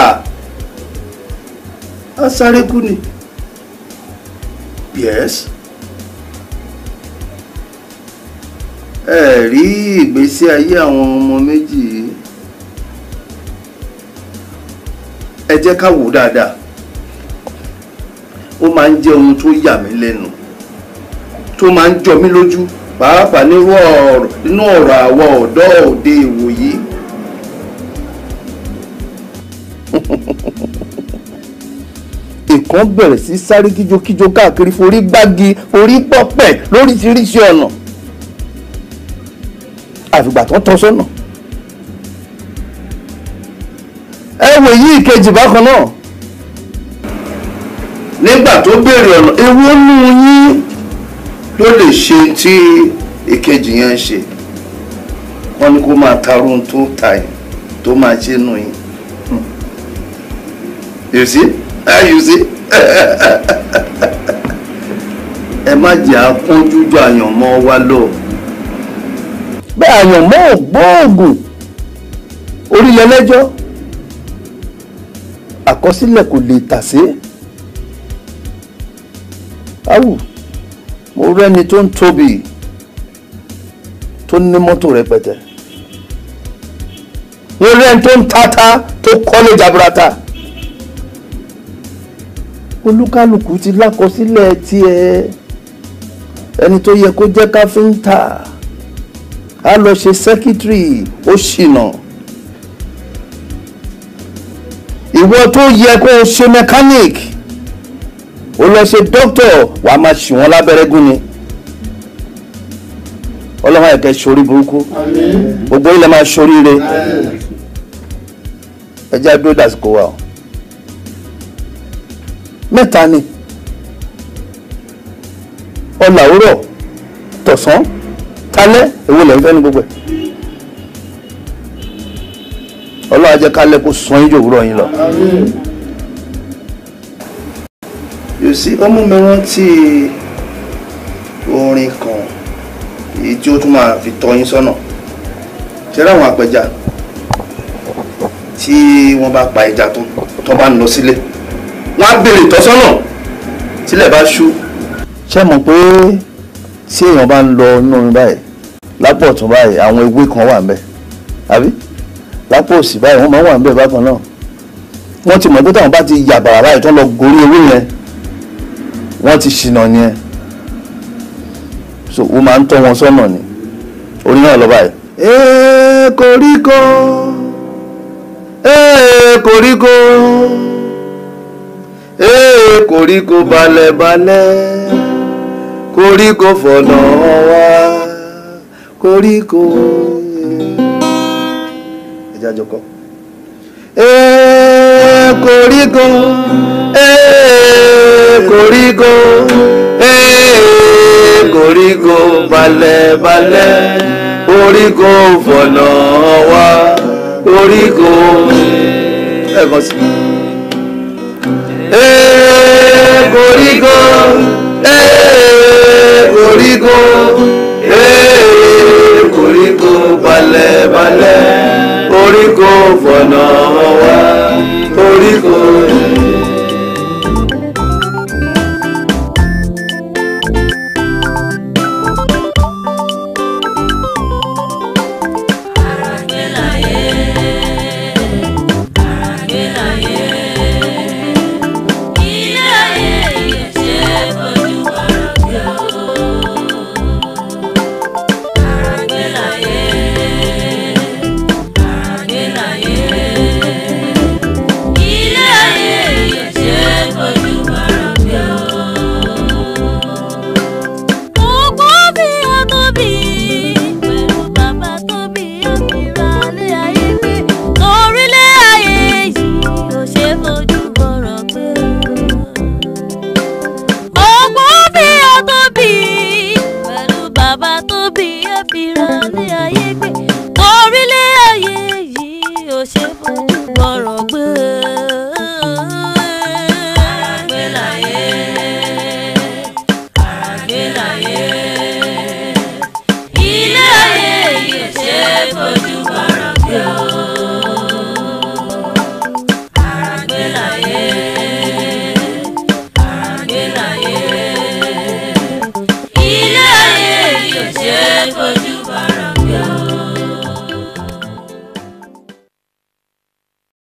á sáré kú ni yes ẹ rí ìgbésí ayé àwọn ọmọ méjì yìí. ẹ jẹ́ ká wò ó dáadáa ó máa ń jẹ́ ohun tó yà mí lẹ́nu tó máa ń jọ mí lójú pàápàá nínú ọ̀rọ̀ àwa ọ̀dọ́ òde ìwòyí. [LAUGHS] ìkan bẹ̀rẹ̀ sí sáré kíjokíjo káàkiri forí gbági forí pọ̀pẹ̀ lóríṣiríṣi ọ̀nà àfìgbà tó tọ́ sọ́nà. ẹ wò yí ìkejì bákan náà nígbà tó béèrè ọ̀nà ewu nù yín ló lè ṣe tí ìkejì yẹn ń ṣe wọ́n ní kó máa taró tó ta yìí tó máa ṣe nù yín you see ah you see [LAUGHS] ẹ má jẹ́ akọ́njú ju àyànmọ́ wa lọ. bẹ́ẹ̀ àyànmọ́ ògbóògùn orílẹ̀ lẹ́jọ́ àkọsílẹ̀ kò lè tàsé awù mo rẹ́ni tó ń tóbi tó ní mọ́tò rẹpẹtẹ mo rẹ́ni tó ń tata tó kọ́lé jaburata olúkálùkù ti lákọsílẹ̀ tiẹ̀ ẹni tó yẹ kó jẹ́ káfíńtà á lọ ṣe sẹ́kítírì ó ṣìnà. No ìwọ tó yẹ kó o ṣe mechanic o lọ ṣe doctor wàá máa ṣì wọ́n lábẹ́rẹ́ gún ni ọlọ́run àìkẹ́ sórí burúkú gbogbo ilẹ̀ máa sórí ire ẹjẹ́ àdúró dàsìkò wa o mẹ́ta ni ọ̀là òwúrọ̀ tọ̀sán talẹ́ èwo lẹ́yìn fẹ́ ní gbogbo ẹ̀ ọlọ́run á jẹ́ ká lẹ́kọ̀ọ́ sàn yín jòwúrọ̀ yín lọ. yóò sí ọmọ mi rántí orin kan èyí tí ó tún máa fi tọ́ yín sọ́nà ṣe ráwọn apẹja tí wọ́n bá pa ẹja tán tó bá ń lọ sílé wọ́n á béèrè ìtọ́sọ́nà tílẹ̀ bá ṣú. ṣé mọ̀ pé tí èèyàn bá ń lọ inú orin báyìí lápò ọ̀tún báyìí àwọn ewé kan wà ń bẹ àbí lápò òsì báyìí wọ́n máa ń wà níbẹ̀ bákan náà wọ́n ti mọ̀ pé táwọn bá ti yà bàrà báyìí tán lọ gorí ewé yẹn wọ́n ti ṣìnà yẹn so wọ́n máa ń tọ́ wọn sọ́nà ni orin náà lọ báyìí. ee koríko ee koríko ee koríko balẹ̀balẹ̀ koríko fọ̀nà wá koríko. Mm -hmm jájọ kọ. ee eh, koríko ee eh, koríko ee eh, koríko balẹ̀ balẹ̀ oríko fọ̀nà wá oríko ẹ̀kan sí. ee koríko ee koríko orí kò fọ̀nà wá orí